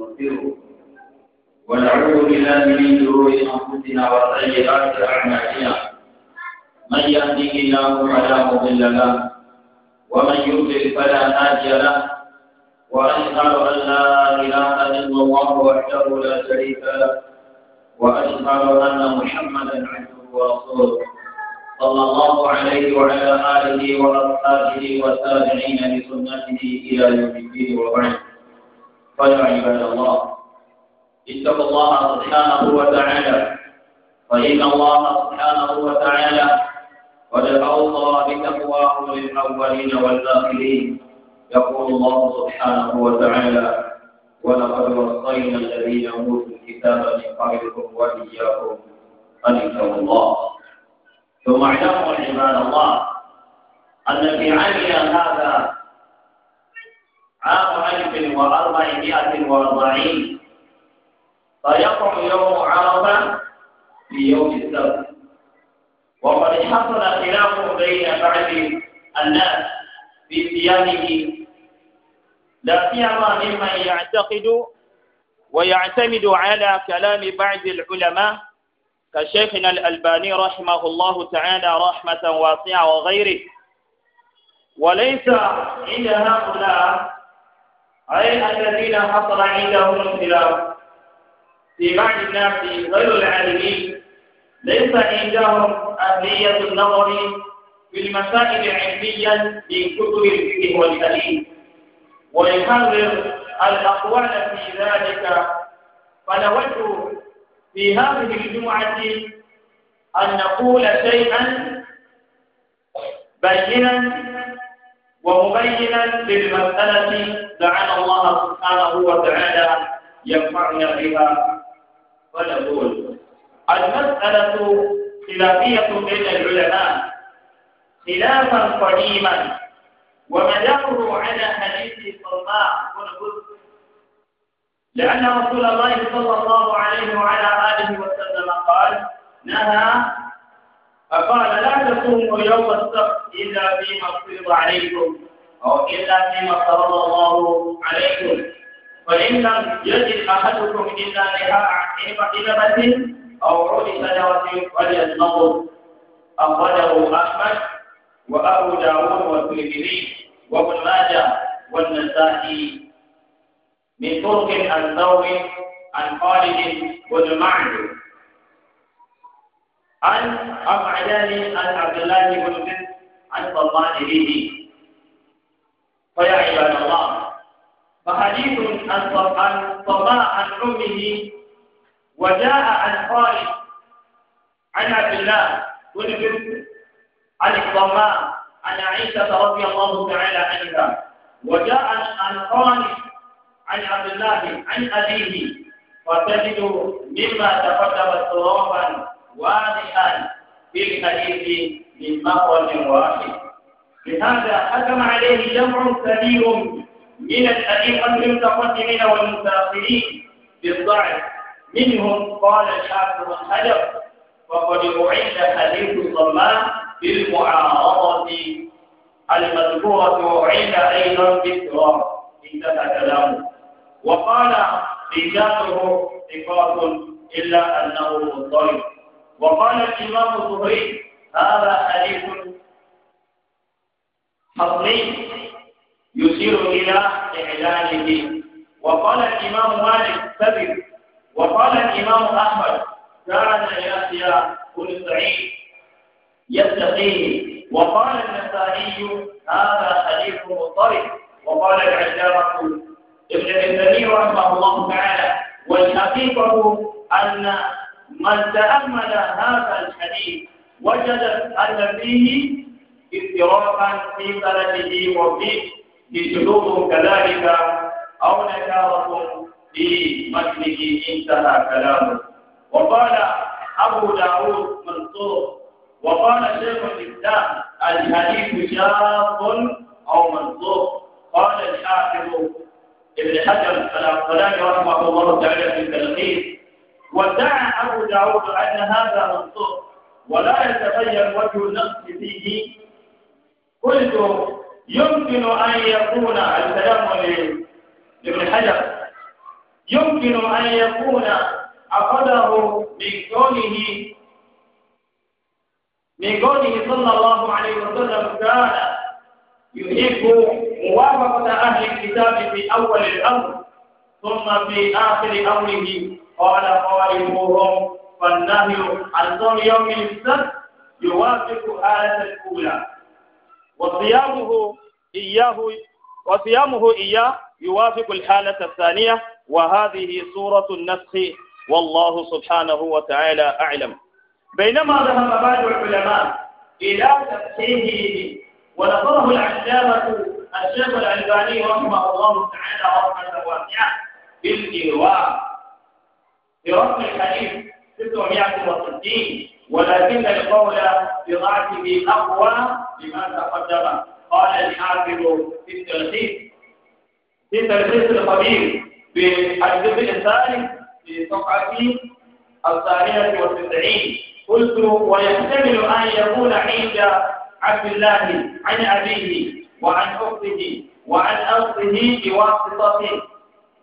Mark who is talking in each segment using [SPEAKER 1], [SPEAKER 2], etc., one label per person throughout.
[SPEAKER 1] ونستغفره ونعوذ بالله من شرور انفسنا وسيئات اعمالنا من يهده الله فلا مضل له ومن يضلل فلا هادي له واشهد ان لا اله الا الله وحده لا شريك له واشهد ان محمدا عبده ورسوله صلى الله عليه وعلى اله واصحابه والتابعين لسنته الى يوم الدين وبعد فيا عباد الله اتقوا الله سبحانه وتعالى فإن الله سبحانه وتعالى قد أوصى بتقواه للأولين والآخرين يقول الله سبحانه وتعالى ولقد وصينا الذين أوتوا الكتاب من قبلكم وإياكم أن اتقوا الله ثم اعلموا عباد الله أن في عمل هذا عام ألف وأربعمائة وأربعين فيقوم يوم عرفة بيوم السبت وقد حصل خلاف بين بعض الناس في صيامه لا سيما ممن يعتقد ويعتمد على كلام بعض العلماء كشيخنا الألباني رحمه الله تعالى رحمة واسعة وغيره وليس عند هؤلاء أي الذين حصل عندهم الخلاف في بعض الناس غير العالمين ليس عندهم أهلية النظر في المسائل علميا في كتب الفقه والحديث ويحرر الأقوال في ذلك فنود في هذه الجمعة أن نقول شيئا بينا ومبينا للمسألة لعل الله سبحانه وتعالى ينفعنا بها ونقول المسألة خلافية بين العلماء خلافا قديما ومداره على حديث صلماء ونقول
[SPEAKER 2] لأن رسول الله صلى الله عليه وعلى آله
[SPEAKER 1] وسلم قال نهى فقال لا تصوموا يوم السبت إلا فيما افترض عليكم أو إلا فيما افترض الله عليكم فإن لم يجد أحدكم إلا لحاء حلبة أو عود شجرة فليصنموا أخرجه أحمد وأبو داود والترمذي وابن ماجه والنسائي من طرق عن عن خالد بن معدو عن أبعدان عن عبد الله بن بن عن طلال به فيا عباد الله فحديث عن طلال عن أمه وجاء عن خالد عن عبد الله بن بن عن الطلال عن عيسى رضي الله تعالى عنها وجاء عن خالد عن عبد الله عن أبيه فتجد مما تقدم صوابا واضحا في الحديث من مخرج واحد لهذا حكم عليه جمع كبير من الحديث المتقدمين والمتأخرين بالضعف منهم قال الحافظ الحجر وقد أعد حديث صلاه بالمعارضة المذكورة أعد أيضا بالتراب انتهى كلامه وقال رجاله ثقات إلا أنه مضطرب وقال الإمام الظهري هذا حديث حصري يشير إلى إعلانه وقال الإمام مالك كذب وقال الإمام أحمد كان يحيى بن سعيد يستقيه وقال النسائي هذا حديث مضطرب وقال العلامة ابن النبي رحمه الله تعالى والحقيقة أن من تأمل هذا الحديث وجد أن فيه افتراقا في بلده وفيه لسلوكهم كذلك أو نكارة في متنه انتهى كلامه وقال أبو داود منصور وقال شيخ الإسلام الحديث شاق أو منصور قال الحافظ ابن حجر العسقلاني رحمه الله تعالى في التلخيص ودعا أبو داود أن هذا منصوص ولا يتبين وجه النص فيه قلت يمكن أن يكون الكلام لابن حجر يمكن أن يكون أخذه من قوله من قوله صلى الله عليه وسلم كان يحب موافقة أهل الكتاب في أول الأمر ثم في آخر أمره قال خالفوهم فالنهي عن صوم يوم السبت يوافق آية الأولى وصيامه إياه وصيامه إياه يوافق الحالة الثانية وهذه سورة النسخ والله سبحانه وتعالى أعلم بينما ذهب بعض العلماء إلى تفسيره ونظره العلامة الشيخ الألباني رحمه الله تعالى رحمة واسعة بالإيواء في رقم الحديث 660 ولكن القول بضعفه أقوى لما تقدم قال الحافظ في التلخيص في تلخيص الخبير الجزء الثالث في صفحة الثانية والتسعين قلت ويحتمل أن يكون عند عبد الله عن أبيه وعن أخته وعن أخته بواسطته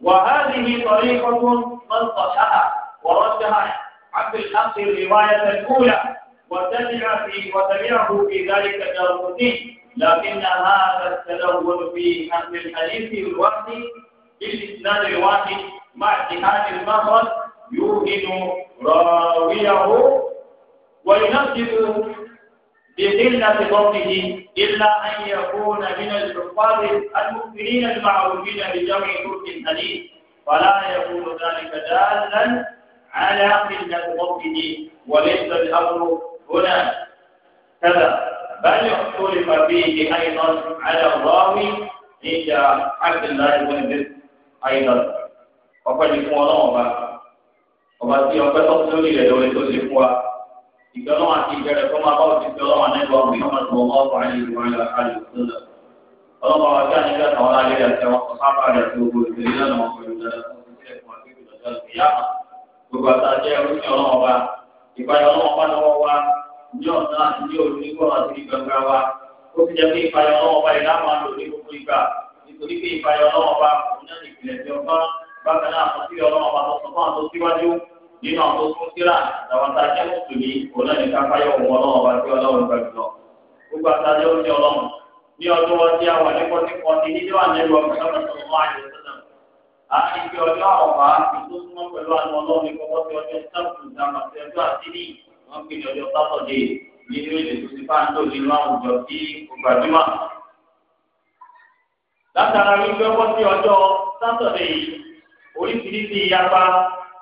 [SPEAKER 1] وهذه طريقة من صحها ورجح عبد الحق الرواية الأولى وتبع في وتبعه في ذلك الدارقطني لكن هذا التدول في أهل الحديث الواحد بالإسناد الواحد مع اتحاد المخرج يوهن راويه وينفذ بقلة ضبطه إلا أن يكون من الحفاظ المؤمنين المعروفين بجمع ترك الحديث فلا يكون ذلك دالا على قلة ضبطه وليس الأمر هنا كذا بل اختلف فيه أيضا على الراوي عند عبد الله بن بكر أيضا وقد يكون الله ọba tí ọpẹ́ tó lórí rẹ̀ ìgbẹ́lọ́wọ́ àti ìbẹ̀rẹ̀ tó máa bá òsì ìgbẹ́lọ́wọ́ nígbà ọ̀gbìn ọmọ tó wọ́n ọ̀pọ̀ àyè ìwà ilẹ̀ àkàlẹ̀ òṣèlú. ọlọ́pàá wa kí àníkà tàwọn alẹ́ rẹ̀ tẹ́wọ́ sábà rẹ̀ tó gbogbo ìgbẹ́lẹ́ náà wọ́n pẹ̀lú dáadáa fún ìgbẹ́lẹ̀ fún akéwì lọ́jọ́ ìyá gbogbo àtàjẹ́ oríṣi ọlọ́wọ́ bá ìpayọ̀ ọlọ́wọ́ bá lọ́wọ́ wa ní ọ̀sán àti ní òru nígbà àti ìgbàgbà wa ó ti jẹ́ pé ìpayọ̀ ọlọ́wọ́ bá ìlà máa lò ní gbogbo ìgbà nítorí pé ìpayọ̀ ọlọ́wọ́ bá òun náà ìpìlẹ̀ tí ọgbọ́n bákan náà àkọsílẹ̀ ọlọ́wọ́ bá lọ́sọ̀tàn tó síwájú nínú àwọn tó kíra àwọn tá a jẹ́ mùsùlùmí òun náà ní káfáyọ̀ òun ọlọ́run ọba tí ọlọ́run gbà jùlọ. gbogbo àtàjẹ́ ó ní ọlọ́run ní ọdún ọtí àwọn nípọ́típọ́ ti níjọ́ àlejò ọ̀gbìn àti ọjọ́ ọ̀pá tó súnmọ́ pẹ̀lú àwọn ọlọ́run ìkọ́kọ́ tí ọjọ́ sábùkù dáná sí ọjọ́ àtìlì wọn pè ní ọjọ́ sátọ̀dé nínú èdè tó ti bá ń lò nínú àwùjọ tí kò gbajúmọ̀. látara wípé wọ́n sí ọjọ́ sátọ̀dé yìí oríṣiríṣi ìyapa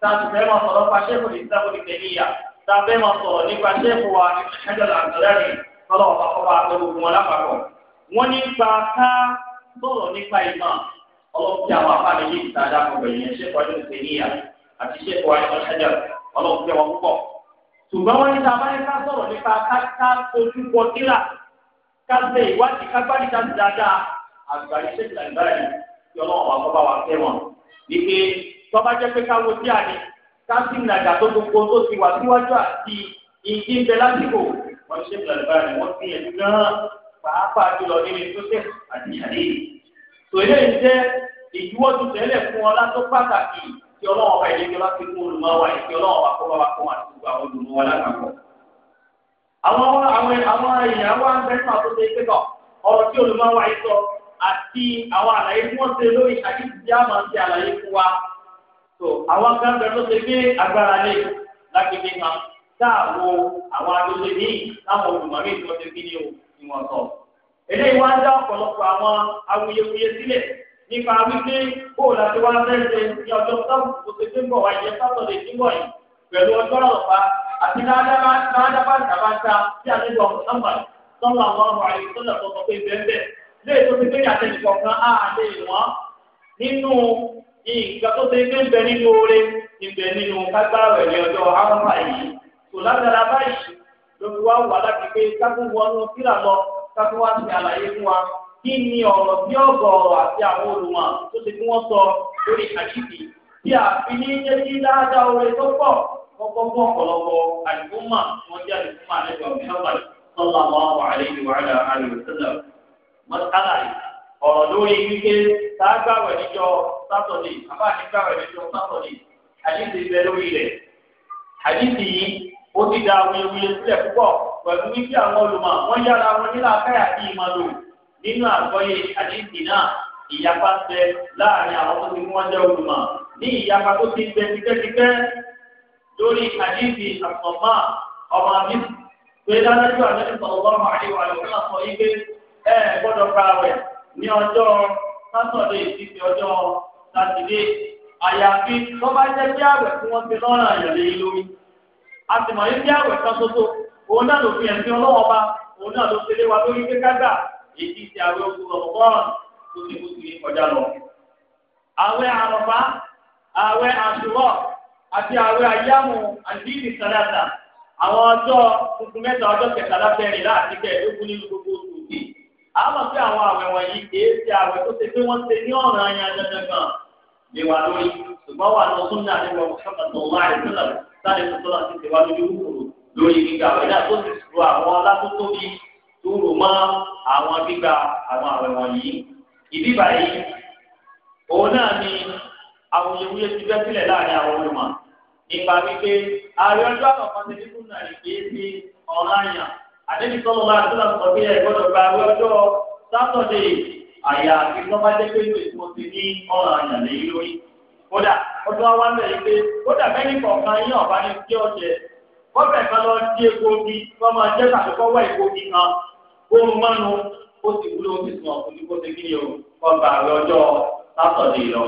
[SPEAKER 1] táàbù fẹ́ máa sọ̀rọ̀ nípa ṣẹ́kù ní sábò ní tẹ̀líyà táàbù fẹ́ máa sọ̀rọ̀ nípa ṣẹ́kù wa ní ṣẹ́jọ́ làǹdọ̀lẹ́rì tọ́lọ̀ ọ̀pá ọba àtọ́gbogbo wọn lápapọ̀. wọ́n ní gba ká sọ̀rọ̀ nípa ìmọ̀ ọlọ́ọ̀kí àwọn afáàlì ní ìtajà kọ̀ọ̀bẹ̀ yẹn ṣẹ́kù ọdún tẹ̀líyà àti ṣẹ́kù wa ní ṣẹ́jọ́ ọlọ́ọ̀kí wọn púpọ̀. ṣùgbọ́n wọ́n ní sábà ní ká sọ̀rọ̀ nípa ká ojú bọ kíra ká ṣe ìwádìí ká gbádìí dáadáa àgbà iṣẹ́ ìlànà ìbára yìí kí ọlọ́wọ́ wa tọ́ba jẹ́ pé káwo tí a ní káàsì nàgà tó gbogbo tó ti wà síwájú àti ìdí ń bẹ lásìkò wọ́n ṣe bẹ̀rẹ̀ báyìí wọ́n ti ẹ̀ gan-an pàápàá jùlọ nínú sọ́sẹ̀ àti àlè. tò ilé ń jẹ́ ìjuwọ́jú tẹ́lẹ̀ fún ọlá tó pàtàkì tí ọlọ́run ọba ìdíje bá fi kún olùmọ̀wá ìdí ọlọ́run ọba kọ́ bá kún àti gbogbo àwọn olùmọ̀wá lápapọ̀. wa ń bẹ́sẹ̀ àtúnṣe pé kọ ọ̀rọ̀ tí olùmọ̀wá yìí tó àwọn kan bẹ tó ṣe gbé agbára lé lágbègbè kan dáàbò àwọn agbègbè míì táwọn olùmọ̀mí tó ṣe kí ni o ni wọ́n sọ. eléyìí wá ń dá ọ̀pọ̀lọpọ̀ àwọn awuyewuye sílẹ̀ nípa wípé bóòlù àti wá fẹ́ẹ́ ní ọjọ́ sábùkù tó ṣe gbé ń bọ̀ wáyé sátọ̀dẹ̀ tí wọ̀ yìí pẹ̀lú ọjọ́ ọ̀pá àti dáadáa bá dàbáta tí a ti lọ ọ̀pọ̀ sọ́nà àwọn ọmọ àyè tó lọ́tọ̀ sọ pé bẹ́ẹ̀ bẹ́ẹ̀ lé nǹkan tó ṣe pé ń bẹ nínú oore ń bẹ nínú kágbáwẹ̀ ní ọjọ́ áwọ̀nà yìí kò lágbára báyìí ló fi wà láti pé kákún wọnú síra lọ kákún wá sí àlàyé fún wa kí ni ọ̀rọ̀ bí sọ lórí ní jẹ́ kí dáadáa oore tó pọ̀ kọ́kọ́ ọ̀pọ̀lọpọ̀ jẹ́ sátọ̀dé àbá nígbà rẹ̀ lẹ́jọ́ sátọ̀dé àdìsí ibẹ̀ lórí rẹ̀ àdìsí yìí ó ti da awuyewuye sílẹ̀ púpọ̀ pẹ̀lú wípé àwọn olùmọ̀ wọ́n yára wọn nílà káyà sí ìmọ̀ lò nínú àgbọ́yé àdìsí náà ìyapa ṣẹ láàrin àwọn tó ti mú wọn jẹ́ olùmọ̀ ní ìyapa tó ti gbẹ tipẹ́tipẹ́ lórí àdìsí àpọ̀mọ́ ọmọ mi pé dájú àdìsí sọ̀rọ̀ àríwá ìwé náà sọ yí pé ẹ gbọ́dọ̀ gbààwẹ̀ ní ọjọ́ sátọ̀dé ìdíje sátidé àyàfi tó bá jẹ́ àwẹ̀ tí wọ́n ti àyàlẹ́ a sì mọ̀ yín bí àwẹ̀ kan òun náà ló fi ẹ̀sìn ọlọ́wọ́ òun náà ló tẹ̀lé wa lórí kékágbà èyí ti àwẹ̀ oṣù rọ̀mọ́rán tó ti kú ọjà lọ. àwẹ̀ àrọ̀fá àwẹ̀ àṣùwọ̀ àti àwẹ̀ àyámu àwọn ọjọ́ tuntun mẹ́ta ọjọ́ kẹtàlá láti lé wa lórí ṣùgbọ́n wà lọ sún náà nígbà Muhammad ọ̀la àìsílẹ̀ sáré tuntun láti tẹ̀wá lórí kúrò lórí gbígbà rẹ̀ náà tó ti sọ àwọn alátótóbi tó rò mọ́ àwọn gbígbà àwọn àwẹ̀ wọ̀nyí. ìdí báyìí òun náà ni awuyewuye ti bẹ́ sílẹ̀ láàrin àwọn olùmọ̀ nípa wípé ààrẹ ọjọ́ àwọn kan ti ní kúrò náà kìí ti ọ̀la yàn àdébìtọ́ lọ́la àyà àti lọ́ba jẹ́ pé ìwé tí mo ti ní ọ̀ràn àyàn lè lórí. kódà ọdún wa lọ yìí pé kódà bẹ́ẹ̀ kọ̀ọ̀kan yín ọ̀bá ní kí ọ̀jẹ̀ kọ́fẹ̀ kan lọ sí epo bí wọ́n máa jẹ́ tàbí kọ́ wá epo bí kan kóun mánu ó sì wúlò ó sì sùn ọ̀kùnrin kó ti kí ni o ọgbà rẹ ọjọ́ sátọ̀dé lọ.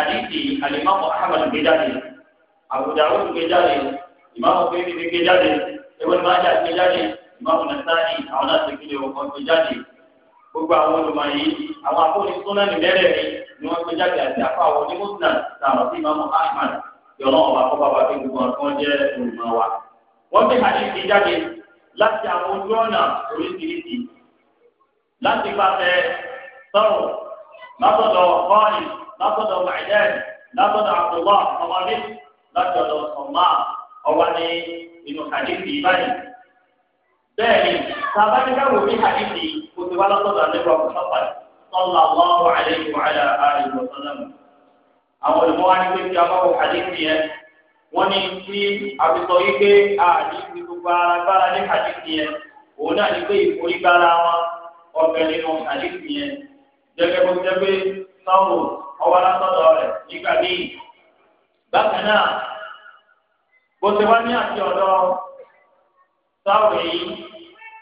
[SPEAKER 1] àdìsí alimami ahmed gbé jáde àbùdá ó gbé jáde ìmáàmù pé mi gbé jáde ewé gbogbo àwọn olùmọ̀yí àwọn afọ́nisúnná nìbẹ̀rẹ̀ mi ni wọ́n gbé jáde àti afọ àwọn onímọ̀sánà tààrọ̀ sí imamu ahmad yọ̀nà ọba kọ́ bàbá fi gbogbo àwọn kan jẹ́ olùmọ̀ wa. wọ́n gbé hadithi jáde láti àwọn ojú ọ̀nà oríṣiríṣi láti pàṣẹ sọ̀rọ̀ látọ̀dọ̀ kọ́ọ̀lì látọ̀dọ̀ mẹ̀ẹ́dẹ́n látọ̀dọ̀ abdullah ọmọdé sábà ní káwọn òbí hadithi kò ti wá lọ́sọ̀dọ̀ àdébọ̀ Muhammad sallallahu alayhi wa ala alihi wa sallam. àwọn olùkọ́ wa ní pé kí a bá wọ hadithi yẹn wọ́n ní kí àbísọ̀ yìí pé àdìsí gbogbo agbára ní hadithi yẹn òun náà ní pé ìforí gbára wọn ọbẹ̀ nínú hadithi yẹn jẹ́gẹ́ bó jẹ́ pé sáwọn ọwọ́ lọ́sọ̀dọ̀ rẹ̀ nígbà míì bákan náà bó ti wá ní àti ọ̀dọ́ sáwọn èyí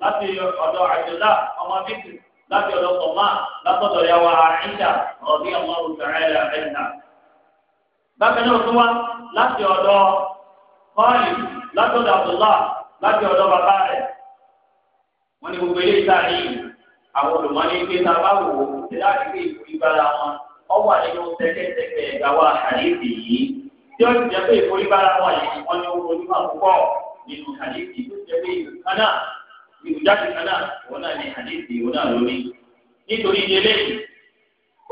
[SPEAKER 1] láti ọ̀dọ̀ àjọ̀dá ọmọ bíkì láti ọ̀dọ̀ tọ̀má látọ̀dọ̀ yàwó àìṣà ọ̀dí ọmọ òṣèré ẹ̀dá. bákan náà tó wá láti ọ̀dọ̀ kọ́ọ̀lì látọ̀dọ̀ àbúlá láti ọ̀dọ̀ bàbá rẹ̀. wọ́n ní gbogbo ilé ìta yìí àwọn olùmọ́ni pé ta bá wò ó láti wọn ọ wà nínú tẹ́kẹ́tẹ́kẹ́ ìgbàwá àdéhùn yìí tí ó ti jẹ́ pé ìforí bára wọn yìí wọ́n ní ó ibùjáde kan náà òun náà ní àdéhìí òun náà lórí nítorí ìdílé yìí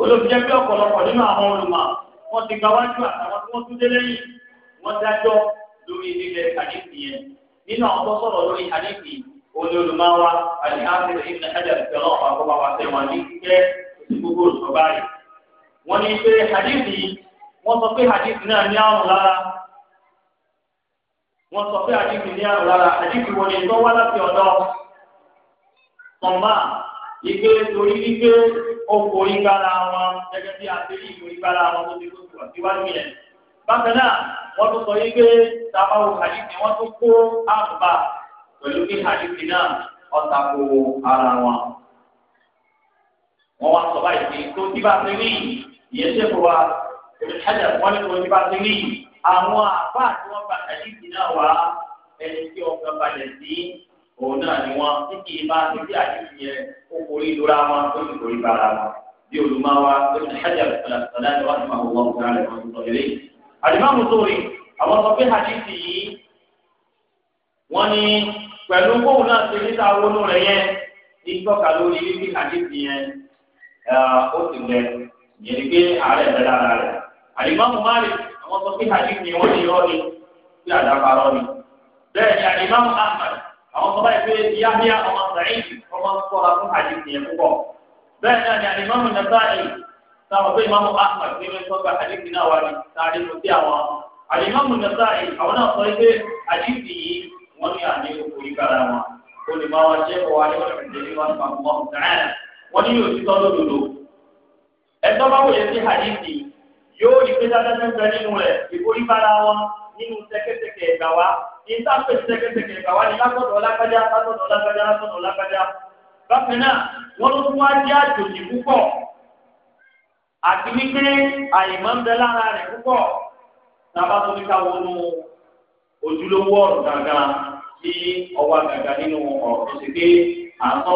[SPEAKER 1] olóòjẹ́ ọ̀pọ̀lọpọ̀ nínú àwọn olùmọ̀ ti gba wájú àtàwọn tí wọ́n tún dé lẹ́yìn wọ́n dájọ́ lórí lílẹ̀ àdéhìí yẹn nínú àwọn tó sọ̀rọ̀ lórí olùmọ̀ wa ní wọ́n sọ pé àdìgbì ní àrùn rárá àdìgbì wọlé tó wá láti ọ̀dọ̀ mọ̀má ìgbé torí wípé ó forí gbára wọn gẹ́gẹ́ bí àtẹ́rí ìforí gbára wọn tó ti kó tó àtiwájú yẹn. bákan náà wọ́n tún sọ wípé tábàwò àdìgbì wọ́n tún kó àbùbà pẹ̀lú bí àdìgbì náà ọ̀tà kó ara wọn. wọ́n wá sọ báyìí pé tó ti bá ti rí ìyẹn ṣẹ́kọ̀ọ́ wa òṣìṣẹ́ àwọn àbá tí wọ́n bá àdìsí náà wá ẹni tí ọkàn balẹ̀ sí òun náà ni wọ́n tí kì í máa ti bí àdìsí yẹn ó kórìí lóra wọn ó sì kórìí bára wọn bí olùmọ̀wá lórí ìṣẹ́jà ìṣẹ̀lẹ̀ ìwà ìmọ̀ àwọn ọmọ rẹ̀ wọ́n sọ eré. àdìmọ́mù sórí àwọn sọ pé àdìsí yìí wọ́n ní pẹ̀lú kóun náà ṣe níta wọnú rẹ̀ yẹn ní tọ́ka lórí wípé àdìsí yẹn ó sì lẹ̀ yẹn ni pé ààrẹ ẹ̀dá dára rẹ̀. àdìmọ́mù Malik àwọn sọ pé hadith ni wọ́n ní irọ́ ni pé àdàpà rọ́ ni. bẹ́ẹ̀ ni àdìmá Ahmad àwọn sọ báyìí pé Yahya ọmọ Sa'id ọmọ sọ̀rọ̀ fún hadith yẹn púpọ̀. bẹ́ẹ̀ náà ni àdìmá Nasa'i táwọn pé ìmáàmù Ahmad ní wọ́n sọ́gbà hadith náà wà ní sáré lọ sí àwọn. àdìmá Nasa'i àwọn náà sọ pé hadith yìí wọ́n ní àní òkú yìí kára wọn. olùmọ̀wá jẹ́ ọ̀wá ní wọ́n yóò rí pé dáadáa ń bẹ nínú rẹ̀ ìborí bára wọn nínú tẹ́kẹ́tẹ́kẹ́ ẹ̀gbà wa ìta pé tẹ́kẹ́tẹ́kẹ́ ẹ̀gbà wa ni látọ̀dọ̀ lágbájá látọ̀dọ̀ lágbájá látọ̀dọ̀ lágbájá. bákan náà wọ́n ló tún wá jẹ́ àjòjì púpọ̀ àti wípé àyèmọ́ ń bẹ lára rẹ̀ púpọ̀ tábà tó ní ká wọnú ojúlówó ọ̀rọ̀ gàgà sí ọwọ́ gàgà nínú ọ̀rọ̀ tó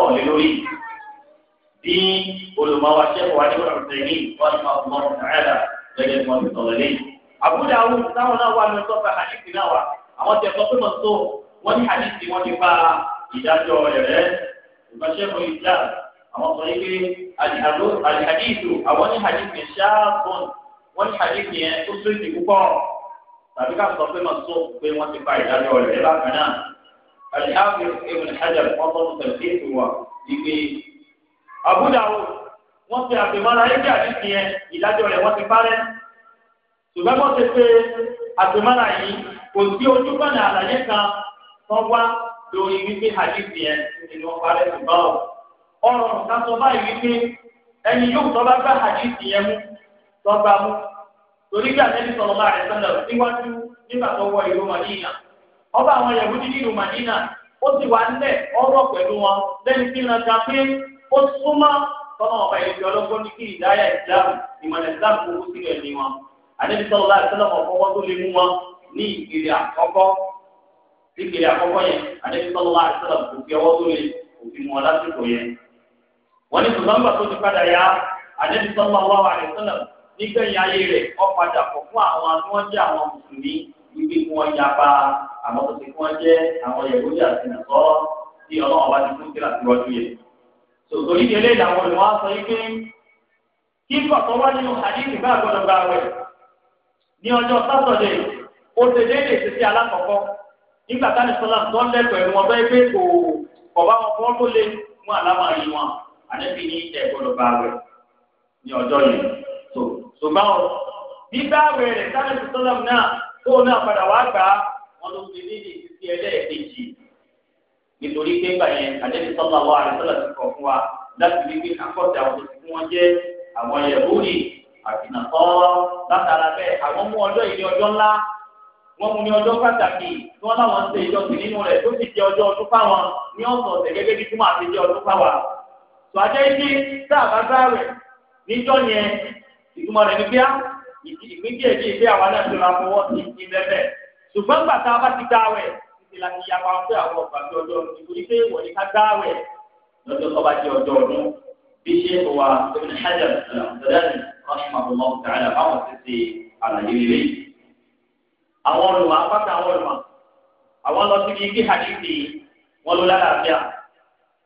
[SPEAKER 1] bí olùmọ̀wá ṣẹ́kọ̀ọ́ adébọ̀rọ̀ tẹ̀lé wọ́n ti máa ń lẹ́yìn mọ́ ìtọ́lẹ̀ lẹ́yìn. àbúdá àwọn táwọn náà wà lóṣọ́ fẹ́ àdìsí náà wà àwọn tẹ̀ sọ pé mọ̀ tó wọ́n ní àdìsí wọn ti fa ìdájọ́ ẹ̀rẹ́ ìbáṣẹ́kọ̀ ìjà àwọn sọ yìí pé àdìsí àwọn ní àdìsí ṣáàbọ̀n wọ́n ní àdìsí yẹn tó tó ìdí púpọ̀ tàbí ká sọ pé mọ̀ tó pé wọ́n ti fa ìdájọ́ ẹ̀rẹ́ bákan náà àdìsí àwọn ìbùn wọ́n ti àpèmọ́ra ayé jà nídìí yẹn ìdájọ́ rẹ̀ wọ́n ti parẹ́ ṣùgbọ́n wọ́n ti pé àpèmọ́ra yìí kò sí ojúbọ̀nà àlàyé kan tó wá lórí wípé àdìsí yẹn ni wọ́n parẹ́ ṣùgbọ́n o ọrùn kásọ báyìí wípé ẹni yóò tọ́ bá gbá àdìsí yẹn mú tọ́ gbá mú torí bí sọ̀rọ̀ máa rẹ̀ sọ́nà síwájú nígbà tó wọ ìlú Màdínà ọba àwọn dídí ìlú Màdínà ó ọ̀rọ̀ pẹ̀lú wọn tọ́nà ọba ìlú ọlọ́gbọ́n ní kí ìdáyà ìsìlámù ìmọ̀lẹ̀ ìsìlámù kúkú sílẹ̀ ní wọn. àdébí sọ̀rọ̀ láti sọ́nà ọ̀fọ́wọ́ tó lè mú wọn ní ìpele àkọ́kọ́ ìpele àkọ́kọ́ yẹn àdébí sọ̀rọ̀ láti sọ̀rọ̀ kò fi ọwọ́ tó lè kò fi mú wọn lásìkò yẹn. wọ́n ní sùgbọ́n tó ti padà yá àdébí sọ̀rọ̀ àwọn àrẹ̀sọ̀nà nígbẹ̀yìn ayé rẹ̀ ó padà kọ̀ fún àwọn tí wọ́n jẹ́ àwọn mùsùlùmí ibi tí wọ́n yapa àwọn tó torí ilé ìdáwọ̀ ni wọ́n á sọ yìí pé kí pàtó wá nínú àdéhùn bá gbọ́dọ̀ gba rẹ̀ ní ọjọ́ sátọ̀dé o ṣe déédéé ṣe sí alákọ̀ọ́kọ́ nígbà táni sọlá tó ń lẹ́kọ̀ọ́ ẹ̀rù wọn bẹ́ẹ̀ pé kò kọ̀ bá wọn fọ́ tó lé mú àlámà yìí wọn àdébí ní ẹ̀ gbọ́dọ̀ gba rẹ̀ ní ọjọ́ yìí tó ṣùgbọ́n bíbá rẹ̀ táni sọlá náà tó náà padà wá gbà wọ́n ló ṣe déédéé ṣe sí ẹlẹ́ẹ̀kejì nítorí pé gbà yẹn àdébí sọ́lá wa àdébọ́lá ti kọ̀ fún wa láti rí pé akọ́tà àwọn tí wọ́n jẹ́ àwọn yẹ̀búrì àbínàtọ́ látara bẹ́ẹ̀ àwọn mú ọjọ́ ìní ọjọ́ ńlá wọ́n mú ní ọjọ́ pàtàkì tí wọ́n láwọn ń ṣe ìjọsìn nínú rẹ̀ tó sì jẹ́ ọjọ́ ọdún fáwọn ní ọ̀sán ọ̀sẹ̀ gẹ́gẹ́ bí túmọ̀ àti jẹ́ ọdún fáwa. tó a jẹ́ ike tá a bá gbáwẹ̀ níjọ́ yẹn ìtumọ̀ rẹ̀ ní bíá ìpín díẹ̀ díẹ̀ bí àwa náà ìlà ti yapa pé àwọn ọgbà bí ọjọ́ ìbò ní pé wọ́n ní ká dáwẹ̀ lọ́jọ́ tó bá jẹ́ ọjọ́ ọdún bí ṣe kò wá Ibn Hajar al-Asqalani rahimahullahu ta'ala báwọn ti ṣe àlàyé rere. àwọn olùwà apáta àwọn olùwà àwọn lọ síbi kí hadithi wọn ló lálàáfíà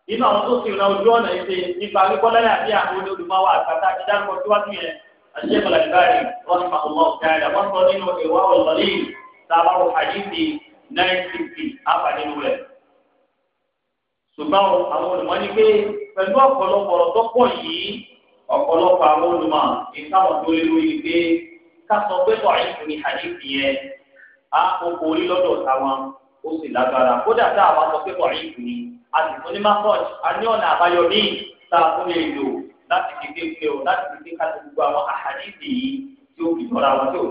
[SPEAKER 1] nínú àwọn tó sì ran ojú ọ̀nà ìṣe nípa wípọ́ lálàáfíà àwọn olùmọ̀wá àgbàtà àti dárúkọ síwájú yẹn àṣẹ mọ̀lẹ́bí báyìí rahimahullahu ta'ala wọ́n sọ nínú ìwà ọ̀lọ́lẹ́yìn tábàrò hadithi nine sixty àbàdínú rẹ̀. ṣùgbọ́n àwọn olùmọ̀ ní pé pẹ̀lú ọ̀pọ̀lọpọ̀ ọ̀rọ̀ tó pọ̀ yìí ọ̀pọ̀lọpọ̀ àwọn olùmọ̀ ní táwọn tó lé lórí pé ká sọ pé tọ̀ àyíkú ni àyíkú yẹn á kókó orí lọ́dọ̀ táwọn ó sì lágbára kódà tá àwọn sọ pé tọ̀ àyíkú ni a sì fún ní makọ́ọ̀tì a ní ọ̀nà àbáyọ míì tá a fún lè lò láti kékeré o láti kékeré ká ti gbogbo àwọn àhàdìsì yìí tí ó fi tọ́ra wọn tí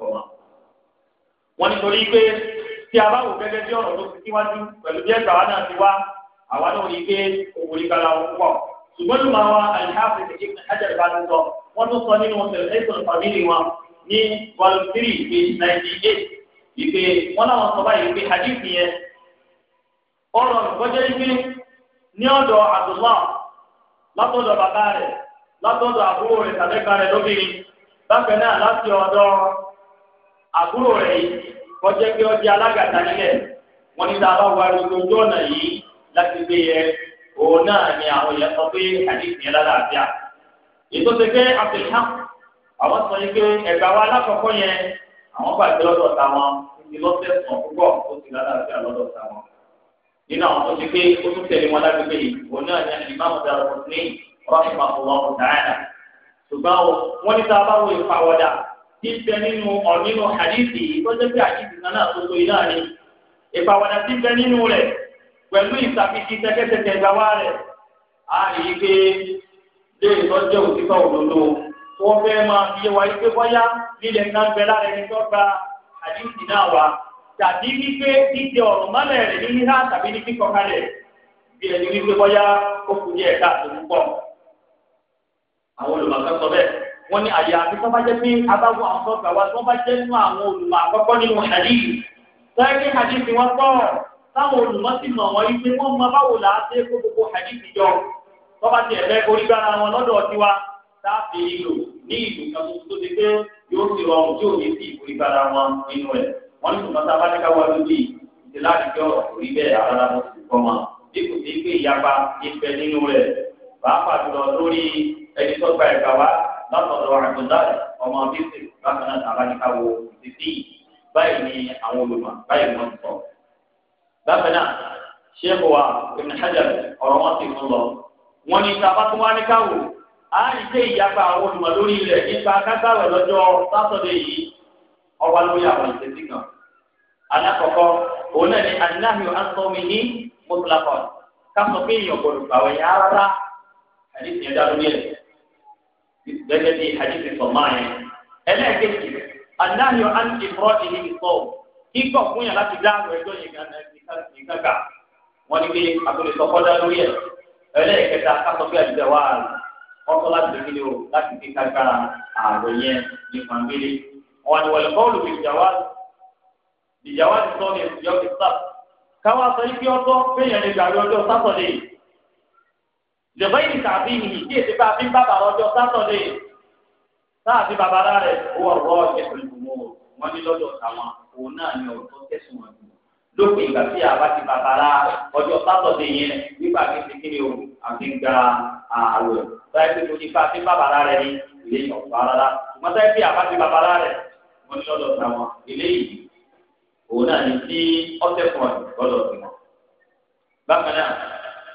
[SPEAKER 1] ò wọ́n nítorí pé tí a bá wò gẹ́gẹ́ bí ọ̀rọ̀ ló ti síwájú pẹ̀lú bí ẹgbàá wa náà ti wá àwa náà rí i pé òwò ìgbàlà òun pọ̀ ṣùgbọ́n ló máa wá àyíkáàfin ní ibùdó ajẹ́rẹ́ bá ti sọ wọ́n tún sọ nínú ẹ̀sùn fàmílì wọn ní volume three page ninety eight ìpè wọn náà sọ báyìí pé hadith yẹn ọ̀rọ̀ ìgbọ́jẹ́ ìpè ní ọ̀dọ̀ Abdullah látọ̀dọ̀ bàbá rẹ̀ látọ̀dọ̀ àbúrò rẹ̀ tàbí ẹ̀ka rẹ̀ lóbìnrin bákan náà láti ọ̀dọ̀ àbúrò rẹ̀ yìí kọjá pé ọjà alágàtà nílẹ̀ wọ́n ní sábà wà lójú ojú ọ̀nà yìí láti gbé yẹ òun náà ni àwọn èèyàn sọ pé àdéhùn yẹn lálàáfíà ètò ti pé àfihàn àwọn sọ yìí pé ẹ̀gbà wa alákọ̀ọ́kọ́ yẹn àwọn gbàgbé lọ́dọ̀ táwọn ti lọ́sẹ̀sán púpọ̀ tó ti lálàáfíà lọ́dọ̀ táwọn nínú àwọn tó ti pé ó tún tẹ̀lé wọn lágbègbè yìí òun náà ni ìmáàmù dàrú ní rọ́ṣùmá ọlọ́run dáadáa ṣùgbọ́n wọn ní sábà tí ń bẹ nínú ọ̀ nínú hadithi tó jẹ́ pé hadithi kan náà tuntun yìí náà ni ìfàwọ̀dà tí ń bẹ nínú rẹ̀ pẹ̀lú ìsàfihàn tẹ́kẹ́tẹ́kẹ́ ìgbàwá rẹ̀ á rí i pé lè tọ́jú òtítọ́ òdodo tó wọ́n fẹ́ máa fi wá ike bọ́yá nílẹ̀ náà bẹ lára ẹni tó gba hadithi náà wá tàbí wípé dídé ọ̀rọ̀ mọ́lẹ̀ rẹ̀ ní níhà tàbí ní kíkọ́ kalẹ̀ bí ẹni wípé bọ́yá ó kù ní ẹ̀ka àtòkù àwọn olùmọ̀ọ́sọ wọ́n ní àyè àfi tó bá jẹ́ pé abáwọ̀ àwọn tó gbà wá tó bá jẹ́ nínú àwọn olùmọ̀ àkọ́kọ́ nínú hadith sẹ́yìn hadith wọn pọ̀ táwọn olùmọ̀ sì mọ̀ wọ́n yí pé wọ́n mọ báwo là á ṣe kó gbogbo hadith jọ tó bá ti ẹ̀fẹ́ orí gbára wọn lọ́dọ̀ tiwa táàfì ìlò ní ìlú kan tó ti pé yóò ti rọrùn tí ò ní sí ìforí gbára wọn nínú ẹ̀ wọ́n ní tùmọ̀ tá a bá ní ká wá lójú ìdí láti jọ orí bẹ́ẹ̀ arára mo sì kọ́ mọ́ bí kò sí pé ìyapa ìfẹ́ nínú rẹ̀ pàápàá jùlọ lórí ẹni tó gba ẹ̀ka látọ̀dọ̀ àgbẹ̀dáì ọmọ bíbí bákan náà tàbáníkà wo títí báyìí ni àwọn olùmọ̀ báyìí wọ́n sọ. bákan náà ṣéèkù wa Ibn Hajar ọ̀rọ̀ wọn ti fún lọ. wọ́n ní tabatuwaníkà wò á rí pé ìyapa àwọn olùmọ̀ lórí ilẹ̀ nípa kásáwẹ̀ lọ́jọ́ sátọ̀dẹ̀ yìí ọwá lórí àwọn ìṣesí kan. alákọ̀ọ́kọ́ òun náà ni anáhìó asọ́mi ní mọ́tòlákọ̀ọ́ ká sọ pé èèyàn gbọ́dọ̀ gbàwẹ̀ gẹ́gẹ́ bí àdìsí sọ̀mọ́ yẹn. ẹlẹ́ẹ̀kejì anáyọ̀ àti ìfọ́ ìlú ìfọ́ kíkọ̀ fún yàrá ti dáhùn ẹjọ́ yìí gàgà wọ́n ní bí àtúndì sọ́kọ́dá lórí ẹ̀ ẹlẹ́ẹ̀kẹta kásọ̀ bí àdìsẹ́ wà á ọkọ̀ láti kí o láti fi kágbá ààrùn yẹn ní pàmílì wọn ni wọlé bọ́ọ̀lù ìjàwá ìjàwá ti sọ ní ìjọ lẹ́gbẹ́ yìí tàbí yìí kí èsì bá fi ń bàbà ọjọ́ sátọ̀dé sáàbí babalá rẹ̀ ó ọ̀rọ̀ ẹ̀sùn ìgbìmọ̀ wọn ní lọ́dọ̀ táwọn òun náà ní ọ̀rọ̀ tó tẹ̀sùn wọn jù lópin ìgbà tí àbá ti babalá ọjọ́ sátọ̀dé yẹn nígbà tí ti kíni o àti gba ààwẹ̀ táyé pé mo ní bá fi babalá rẹ̀ ní ilé ọ̀pá rárá wọn táyé pé àbá ti babalá rẹ̀ wọn ní lọ́dọ̀ táwọn ilé yìí òun náà ní tí ọ̀sẹ̀ fún ọ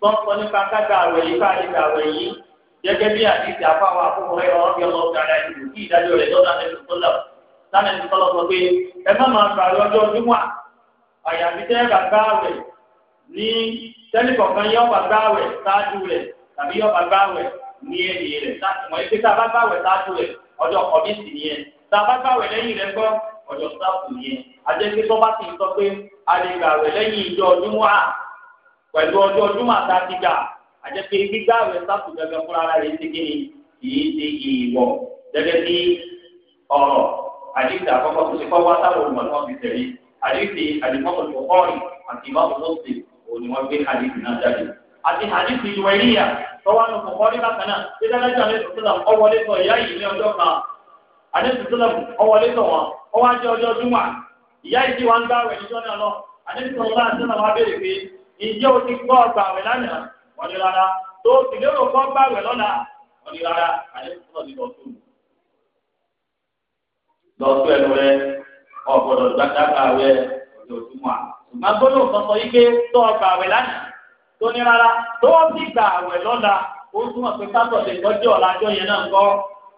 [SPEAKER 1] tó ń sọ nípa kága àwẹ̀ yìí bá àdìgbà àwẹ̀ yìí gẹ́gẹ́ bí àdìsí àfáwọ̀ àkókò rẹ̀ ọ̀rọ̀ bí ọmọ ọ̀gá rẹ̀ ìlú kí ìdájọ́ rẹ̀ lọ́dọ̀ àtẹ̀tù tọ́lọ̀ sánẹ̀tù tọ́lọ̀ sọ pé ẹ má máa gbà lọ́jọ́ júmọ́ àyàfi tẹ́ bàbá àwẹ̀ ní tẹ́lifọ̀kan yọ bàbá àwẹ̀ sáájú rẹ̀ tàbí yọ bàbá àwẹ̀ ní ẹ̀yìn rẹ̀ láti mọ̀ ẹ́ pé tá a bá bá àwẹ̀ sáájú rẹ̀ ọjọ́ kọ̀míìsì nìyẹn tá a bá bá pẹ̀lú ọjọ́ ọdún màtá ti gbà àjẹpé gbígbà rẹ̀ sáfù gẹ́gẹ́ fúnra rẹ̀ ti kí ni kìí ṣe ìwọ̀ gẹ́gẹ́ bí ọ̀rọ̀ àdìsí àkọ́kọ́ tó ṣe kọ́wọ́ táwọn olùmọ̀tò ti tẹ̀lé àdìsí àdìmọ́tò tó kọ́rin àti ìmọ̀tò tó ṣe òní wọ́n gbé àdìsí náà jáde. àti àdìsí ìwọ̀ eléyà tọ́wọ́ àná kò kọ́rin bákan náà ṣé dáadáa ní sọ́sọ́lá ọwọ́lé sọ ìyá yìí ní ọjọ́ kan àdìsí sọ́sọ́lá ọwọ́lé sọ wọn ọwọ́ ajé ọjọ́ júmọ̀ ìyá yìí ti wá ń gbá rẹ̀ níjọ́ náà lọ àdìsí sọ́sọ́lá ìjọ ò ti gbọ́ ọgbà àwẹ̀ lánàá wọ́n ní rárá tó o sì lérò kọ́ gbà àwẹ̀ lọ́la wọ́n ní rárá àyè tó ti lọ sùn. lọ sún ẹnu rẹ ọ̀gbọ̀dọ̀ dágbà àwẹ̀ ọ̀dọ̀ òtúmọ̀ à. ṣùgbọ́n gbọ́dọ̀ sọ̀tọ̀ yí pé tó ọgbà àwẹ̀ lánàá tó ní rárá tó o sì gbà àwẹ̀ lọ́la ó túmọ̀ pé sátọ̀dẹ̀ lọ́jọ́ ọ̀làjọ́ yẹn náà ń kọ́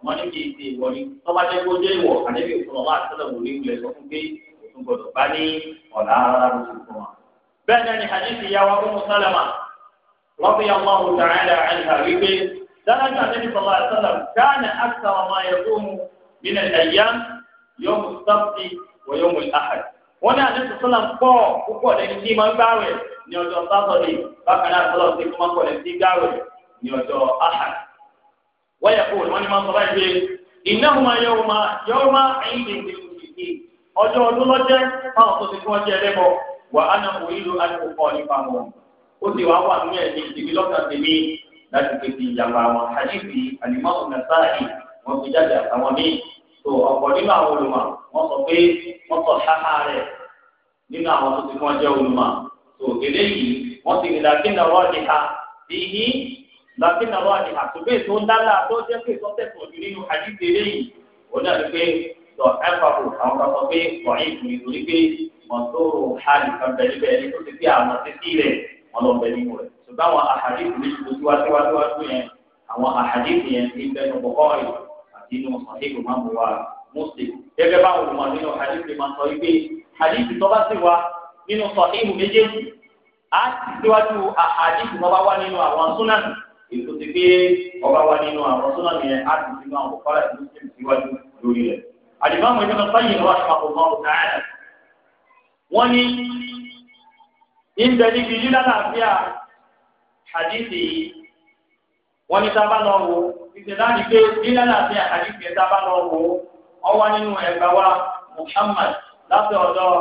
[SPEAKER 1] wọ́n ní kì í ṣe ìwọ ni tọ́ba jẹ́ kó jẹ́ ìwọ àdébí òfin ọ̀la àti sọ́dọ̀ wòlé ìwé ẹ̀sọ́ fún pé òtún gbọ́dọ̀ bá ní ọ̀la rárá lóṣù fún wa. بعد حديث يا وأم سلمة رضي الله تعالى عنها ويقول درجة النبي صلى الله عليه وسلم كان أكثر ما يقوم من الأيام يوم السبت ويوم الأحد هنا النبي صلى الله عليه وسلم قال قال لي ما يقول نيو جو صلى الله عليه وسلم قال لي أحد ويقول وأنا ما صلى الله إنهما يوم يوم عيد للمشركين أجو أدو لجي فأصدقوا جي لبو wà á nà kó ìlú àdúgbò nípa wọn ó sì wá wà nínú ẹ̀mí ìdíbi lọ́kàn tèmi láti kéde ìjàmbá wọn àdìsí àlìmọ́ọ̀mù nàṣáàì wọn fi jáde àtàwọn míì tó ọ̀pọ̀ nínú àwọn olùmọ̀ wọ́n sọ pé wọ́n sọ ṣáká rẹ̀ nínú àwọn tó ti fún ọjọ́ So tó eléyìí wọ́n ti rí làkínà rọ́ọ̀dì ha ìhí làkínà rọ́ọ̀dì ha tó bẹ́ẹ̀ tó ń dára tó jẹ́ pé sọ́tẹ̀sọ̀ jù nínú àdìsí eléyìí òun náà ni pé tọ̀ ẹ̀fà kò àwọn kan sọ pé wọ̀nyí kò ní torí pé wọn tó hali kan bẹ níbẹ̀ ẹni tó ti fi àwọn títí rẹ̀ wọn lọ bẹ nínú rẹ̀ ṣùgbọ́n àwọn àhàdìsì méjì tó tiwá tiwá tiwá tó yẹn àwọn àhàdìsì yẹn ti bẹnu bọ̀kọ́ rẹ̀ àti inú sàhíkù máa mú wa Muslim gẹ́gẹ́ báwo ni wọn nínú àhàdìsì máa sọ wípé àhàdìsì tó bá sì wá nínú sàhíkù méjèèjì á ti síwájú àhàdìsì tó bá wá nínú àwọn súnánì ètò ti gbé ọba wa nínú àwọn súnánì yẹn á ti sínú àwọn bọ̀kọ́ rẹ̀ síwájú lórí rẹ̀ àdìmọ́ àwọn ìjọba sáyìn lọ́wọ́ wọ́n ní ìbẹ̀ níbi lílálàáfíà hadithi wọ́n ní sábà lọ wò ìṣẹ̀dá ni pé lílálàáfíà ẹ̀ sábà lọ wò ó nínú ẹ̀gbà wa Muhammad láti ọ̀dọ̀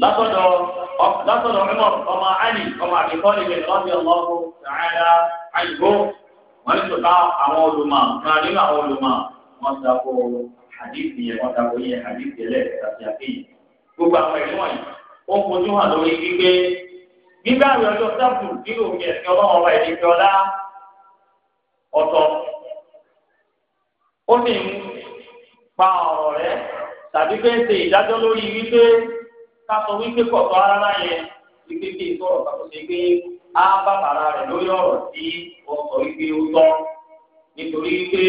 [SPEAKER 1] látọ̀dọ̀ látọ̀dọ̀ ọmọ ọmọ ọlọ́run wọ́n ní sọ̀tà àwọn olùmọ̀ náà nínú àwọn olùmọ̀ wọ́n gbogbo àwọn ẹ̀rí wọ̀nyí ó ń fojú hàn lórí wípé gbígbà rẹ̀ ọjọ́ sábùn nínú òfin ẹ̀sìn ọlọ́run ọba ìdíje ọlá ọ̀tọ̀ ó ní pa ọ̀rọ̀ rẹ̀ tàbí pé ń ṣe ìdájọ́ lórí wípé ká sọ wípé kọ̀tọ́ rárá yẹn wípé kí n sọ̀rọ̀ kàtó ṣe pé á bá bàrà rẹ̀ lórí ọ̀rọ̀ tí ó sọ wípé ó tọ́ nítorí wípé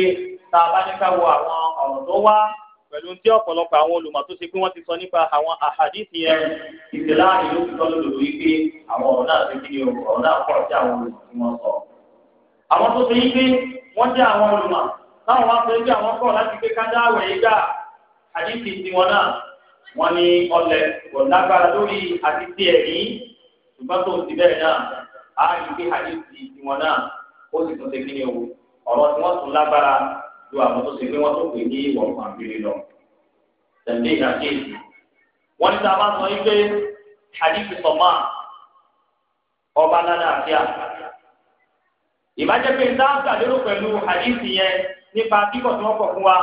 [SPEAKER 1] tá a bá ní ká wo àwọn ọ̀rọ̀ tó wá pẹ̀lú tí ọ̀pọ̀lọpọ̀ àwọn olùmọ̀ tó ṣe pé wọ́n ti sọ nípa àwọn àhàdìsì yẹn ìṣẹ̀lá ìlú ti sọ lòdò wípé àwọn ọ̀rọ̀ náà ti kíni ọ̀rọ̀ náà pọ̀ sí àwọn olùmọ̀ tí wọ́n sọ. àwọn tó ṣe wípé wọ́n jẹ́ àwọn olùmọ̀ táwọn wá sọ pé àwọn kọ̀ láti pé kájá àwẹ̀ yìí gbà àdìsì tiwọn náà wọ́n ní ọlẹ̀ kò lágbára lórí àti tiẹ̀ ní ṣùgbọ́n tó ti bẹ́ẹ̀ náà á rí pé àdìsì tiwọn náà ó sì tún ṣe kíni ọ̀rọ̀ ju àwọn tó ṣe pé wọ́n tó pè ní ìwọ̀n kan abiri lọ. tẹ̀lé ìdàkejì wọ́n ní sábà sọ yí pé hadithi sọ̀mọ́ ọba ládàá àti àgbà. ìbájẹ́ pé dáńtà lérò pẹ̀lú hadithi yẹn nípa kíkọ̀ tí wọ́n kọ̀ fún wa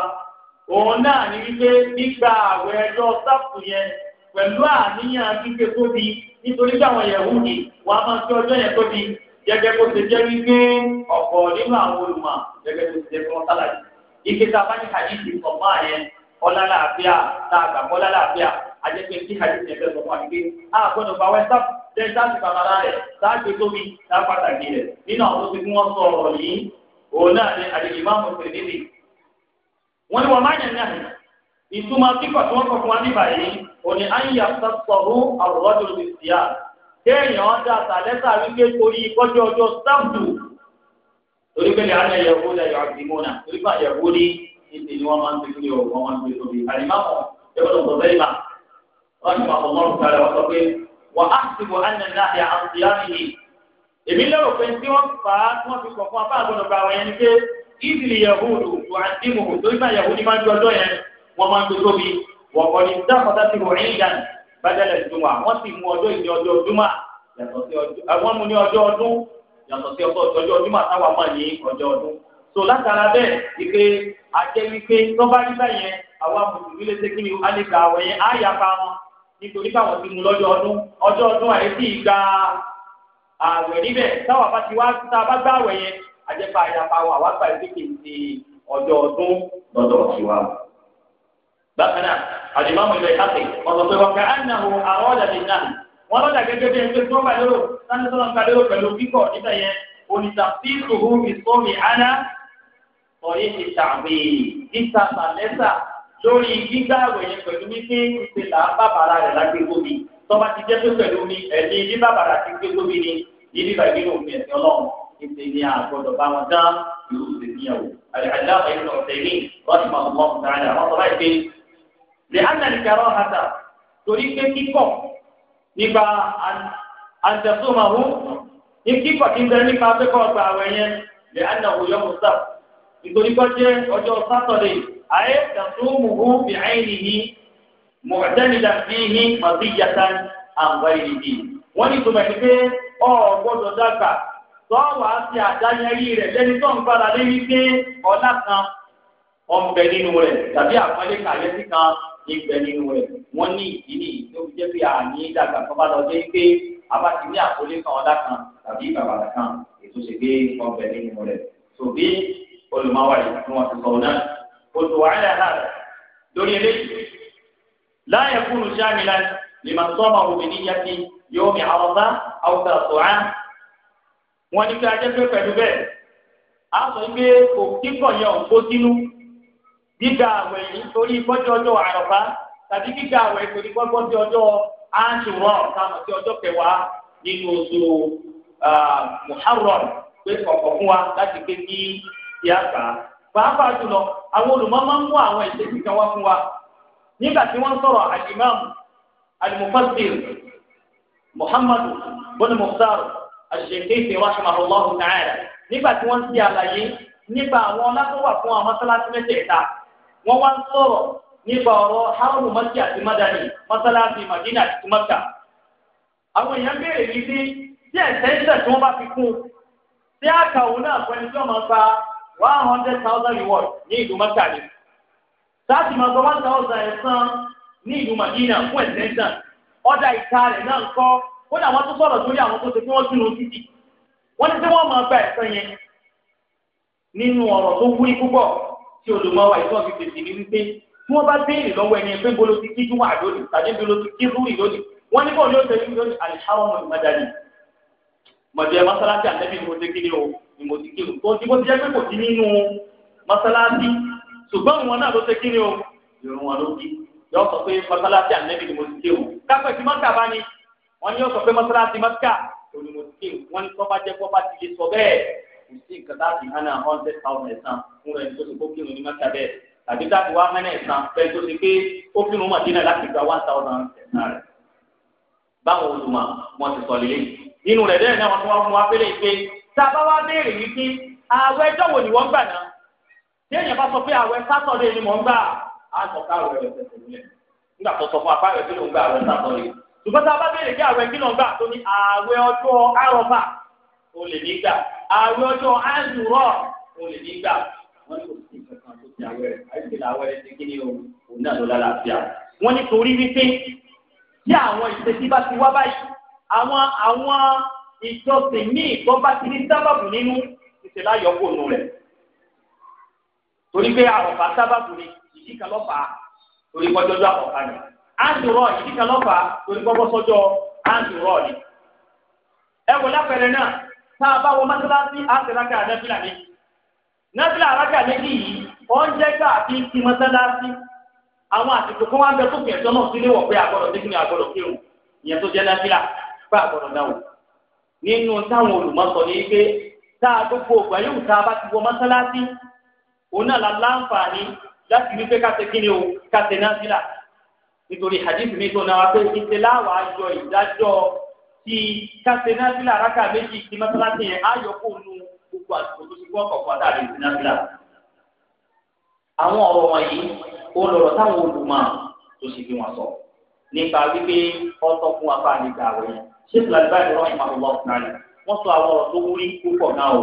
[SPEAKER 1] òun náà ní wípé gbígba àwẹ̀ ẹjọ́ sáfù yẹn pẹ̀lú àníyàn kíkẹ́ tóbi nítorí táwọn yẹ̀wù ni wọ́n á máa fi ọjọ́ yẹn tóbi gẹ́gẹ́ bó ṣe jẹ́ wípé ọ̀pọ̀ nínú àwọn olùmọ̀ gẹ́gẹ́ bó ṣe jẹ́ fún ọ́sálàyé ike tá a bá ní hadithi ọmọ yẹn ọlọlá àfíà tá a gbàgbọ́ ọlọlá àfíà àjẹpẹ tí hadithi ẹgbẹ́ sọ fún àdìgbé a gbọ́dọ̀ bá wẹ́sà tẹ sáàtì babalá rẹ sáàtì tóbi tá a pàtàkì rẹ nínú àwọn tó ti fún wọn sọ ọ̀rọ̀ yìí òun náà ni àdìgbé máa mú pè níbi. wọn ni wọn máa yẹn náà ìtumọ̀ kíkọ̀ tí wọ́n kọ̀ fún wa níbà yìí òní àyà sọ̀rọ̀ àwòrán tó ti sì torí pé lẹ́yìn àyẹ̀wò lẹ́yìn àgbìmọ́nà torí pé àyẹ̀wò ní ìpè ni wọ́n máa ń gbé fún yòówù wọ́n máa ń gbé tóbi àlìmáàmù ẹ̀wọ́n tó bẹ́ẹ̀ mà wọ́n ti máa fọ mọ́rùn kárẹ̀ wọ́n sọ pé wà á ti wọ ẹnẹ láti àǹtí láti yìí èmi lérò pé tí wọ́n fà á tí wọ́n fi kọ̀ fún apá àgbọ̀dọ̀ bá wọn yẹn ni pé ìdílé yẹ̀wò lò àdìmù torí pé àyẹ̀wò ní máa ń ju ọjọ́ yẹn wọ́n máa ń gbé tóbi wọ́n kọ́ ni dáfọ́tà ti wọ̀ ẹ̀yìn dànù bàjẹ́ lẹ́sìn wọ́n sì mú ọjọ́ ìní ọjọ́ ọdún mà yàtọ̀ sí ọjọ́ àwọn mú ní ọjọ́ ọdún yàtọ̀ sí ọkọ̀ ọjọ́ ọdún máa táwa mọ̀ ní ọjọ́ ọdún. so látara bẹ́ẹ̀ wípé àjẹ́ wípé tó bá rí báyẹn àwa mùsùlùmí lè ṣe kí ni a lè gbà àwẹ̀ yẹn á yà pa wọn nítorí káwọn ti mú lọ́jọ́ ọdún ọjọ́ ọdún àìsí ìgbà àwẹ̀ níbẹ̀ táwa bá ti wá tá a bá gbà àwẹ̀ yẹn àjẹpá àyàpá wa àwa gbà ìdí kì í ti ọjọ́ ọdún lọ́dọ̀ tiwa. bákan náà àdìmọ́ mi lọ ìhàpè ọ̀sọ̀ pé wọ́n kẹ́ wọn lọ́dà gẹ́gẹ́ bí ẹni tó bá lérò sani sọ́nà ń ka lérò pẹ̀lú kíkọ̀ níta yẹn onítàfíìsù hu ìsọ́mi àná ọ̀yẹ́ ti tàbí níta sàlẹ́sà lórí gbígbà àwẹ̀yẹ pẹ̀lú wípé ìpè là ń bàbàrà rẹ̀ lágbègbè mi tọ́ba ti jẹ́ pé pẹ̀lú mi ẹ̀mí ní bàbàrà ti gbégbó mi ni ní bíbá ìbí lòun fi ẹ̀sìn ọlọ́run ìpè ní àgbọ̀dọ̀ bá wọn dán ìlú ìsèkíyàwó àdìhàdìhà ẹ̀yìn ọ̀sẹ̀ mi rọ́ọ̀tì máa ń mọ́ ọ̀sán àdìhà wọn sọ báyìí pé lè á nà ní kẹrọ ọ̀hátà nípa àtẹ̀sùnmáwó ní kíkọ̀ tí ń bẹ nípa akẹ́kọ̀ọ́ ọgbà àwẹ̀ yẹn lè á nà òyọ́ musa nítorí kọ́ jẹ́ ọjọ́ sátọ̀dé àyè tẹ̀sùnmùhù bí àyìnì yìí mọ̀tẹ́nìdà fi hí màbí yàtá àǹgbá ìdìdì wọ́n ní tòmọ̀ ní pé ọ̀ gbọ́dọ̀ dàgbà tọ́wọ́ á ti àdáyẹrí rẹ̀ lẹ́ni tó ń gbára lé wípé ọlá kan ọ̀ níbẹ̀ nínú rẹ̀ wọ́n ní ìdí nìyí tó fi jẹ́ pé àní dàgbà tó bá lọ dé pé àbá ti ní àkólé kan ọ̀dà kan tàbí bàbàrà kan ètò ṣe gbé ọbẹ̀ nínú rẹ̀ tòbí olùmọ̀wá yìí ni wọ́n ti sọ náà olùwàhálà náà lórí eléyìí láàyè kúrú sáàmìlá lèmọ̀ sọ́mọ̀ òmìnira ti yóò mi àwọn bá àwùjọ àtọ̀hán wọ́n ní kí ajẹ́ pé pẹ̀lú bẹ́ẹ̀ á sọ pé kò kíkọ̀ yẹn ò gíga àwẹ̀ yìí torí ìkọ́jú ọjọ́ àrọ̀bá tàbí gíga àwẹ̀ torí gbọ́gbọ́ sí ọjọ́ àṣùwọ̀n táwọn sí ọjọ́ kẹwàá nínú oṣù muharram pé kọ̀ọ̀kọ̀ fún wa láti gbé kí kí á gbà á. pàápàá jùlọ àwọn olùmọ̀ máa ń mú àwọn ìṣesí kan wá fún wa nígbà tí wọ́n sọ̀rọ̀ alimam alimufassir muhammadu bọ́ni muhtar al-Shaykhithi rahimahullahu nígbà tí wọ́n ti àlàyé nípa àwọn ọlá wà fún àwọn mọ́sálásí mẹ́tẹ̀ẹ̀ta wọ́n wá ń sọ̀rọ̀ nípa ọ̀rọ̀ haramu mọ́tì àti mọ́dàní mọ́sálásí màdínà àti mọ́tà. àwọn èèyàn béèrè yìí sí tí ẹ̀sẹ̀ńsẹ̀ tí wọ́n bá fi kún tí àkàwọ̀ náà pẹ̀lú tí wọ́n máa fa one hundred thousand reward ní ìlú mọ́tà ni. sáàtì máa sọ one thousand ẹ̀sán ní ìlú màdínà fún ẹ̀sẹ̀ńsẹ̀ ọ̀dà ìta rẹ̀ náà ń kọ́ ó ní àwọn tó sọ̀rọ̀ sórí àwọn tó ṣe kí wọ́n túnú títì wọ́n ní tí wọ́n máa gba ẹ̀sán yẹn nínú ọ̀rọ̀ tó wúrí púpọ̀ tí olùmọ̀wá ìtọ́ fi pèsè ní wípé tí wọ́n bá béèrè lọ́wọ́ ẹni pé bolo ti kí júmọ̀ àdó ni tàbí bolo ti kí rúurì lónìí wọ́n ní bọ́ọ̀ ni ó tẹ̀lé ní lónìí alihàwọ̀ mọ̀ ìmọ̀dàní mọ̀jẹ̀ mọ́sálásí àtẹ́bí ni mo ti kiri o ni mo ti kiri o tó ti bó ti jẹ́ pé kò sí nínú mọ́sálásí ṣùgbọ́n wọn náà ló ti kiri o ìrùn wọn ló kí yọ sọ pé mọ́sálásí àtẹ́bí ni mo ti kiri o kápẹ́ ti mọ́kà bá ní wọ́n ní yọ sọ pé mọ́sálásí mọ́kà òní mo ti kiri wọ́n ní sọ́ba jẹ́ kó bá ti lè sọ kò sí nǹkan láti hánà hundred thousand ẹ̀sán fún ẹni tó ti kó kírun ní mẹ́ta bẹ́ẹ̀ tàbí láti wá hánà ẹ̀sán fẹ́ tó ti pé ó kírun mọ̀dínà láti gba one thousand ẹ̀sán rẹ̀ báwọn olùmọ̀ wọn ti sọ lélẹ̀ nínú rẹ̀ bẹ́ẹ̀ náà wọ́n mú abẹ́lẹ̀ pé tá a bá wá béèrè yìí pé ààwẹ̀ ẹjọ́ wo ni wọ́n gbà náà tí èèyàn bá sọ pé ààwẹ̀ sátọ̀dé ni mò ń gbà á sọ káàwẹ̀ rẹ̀ tẹ̀sẹ̀ o lè nígbà àwẹ̀ ọjọ́ àdúrà o lè nígbà wọ́n ní kò sí kankan tó ti àwẹ̀ rẹ̀ àìsí làwẹ̀ rẹ̀ ti kí ni o òun náà ló lálàáfíà wọ́n ní torí wípé tí àwọn ìṣesí bá ti wá báyìí àwọn àwọn ìjọsìn ní ìtọ́ bá ti ní sábàbù nínú ìṣẹ̀lá yọkù nù rẹ̀ torí pé àròkà sábàbù ni ìdí kan lọ́fàá torí kọjọ́jọ́ àkọ́kà ni àdúrà ìdí kan lọ́fàá torí kọ́kọ́ sọ́jọ́ àdúrà ni ẹ wò lápẹẹrẹ náà tá a bá wọ mọ́sálásí àtẹ̀lákà nẹ́fìlà mi nẹ́fìlà alákà méjì yìí wọ́n jẹ́ ká àti ti mọ́sálásí àwọn àtìkò kan wá ń bẹ tó kẹ̀ sọ́nà sílé wọ̀ pé àgbọ̀dọ̀ dígbìn àgbọ̀dọ̀ kéwù ìyẹn tó jẹ́ nẹ́fìlà pé àgbọ̀dọ̀ dáwò nínú táwọn olùmọ̀sọ ní pé tá a gbogbo ògbà yóò tá a bá ti wọ mọ́sálásí òun náà la láǹfààní láti rí pé ká ṣe kíni o ká ṣe nẹ́fìlà nítorí hadith ti káṣe náfìlà rákà méjì ti mọ́sálásí yẹn ayọ̀ kó nu gbogbo àsìkò tó ti kọ́ ọ̀kọ̀ọ̀kan dàbí ti náfìlà. àwọn ọ̀rọ̀ wọ̀nyí ó lọ̀rọ̀ táwọn olùmọ̀ tó sì fi wọn sọ nípa wípé ọtọ́ fún wa fáà nígbà wẹ̀ ṣé fúlàlíbáyì rọ ìmọ̀ wọ́n sọ àwọn ọ̀rọ̀ tó wúrí púpọ̀ náà o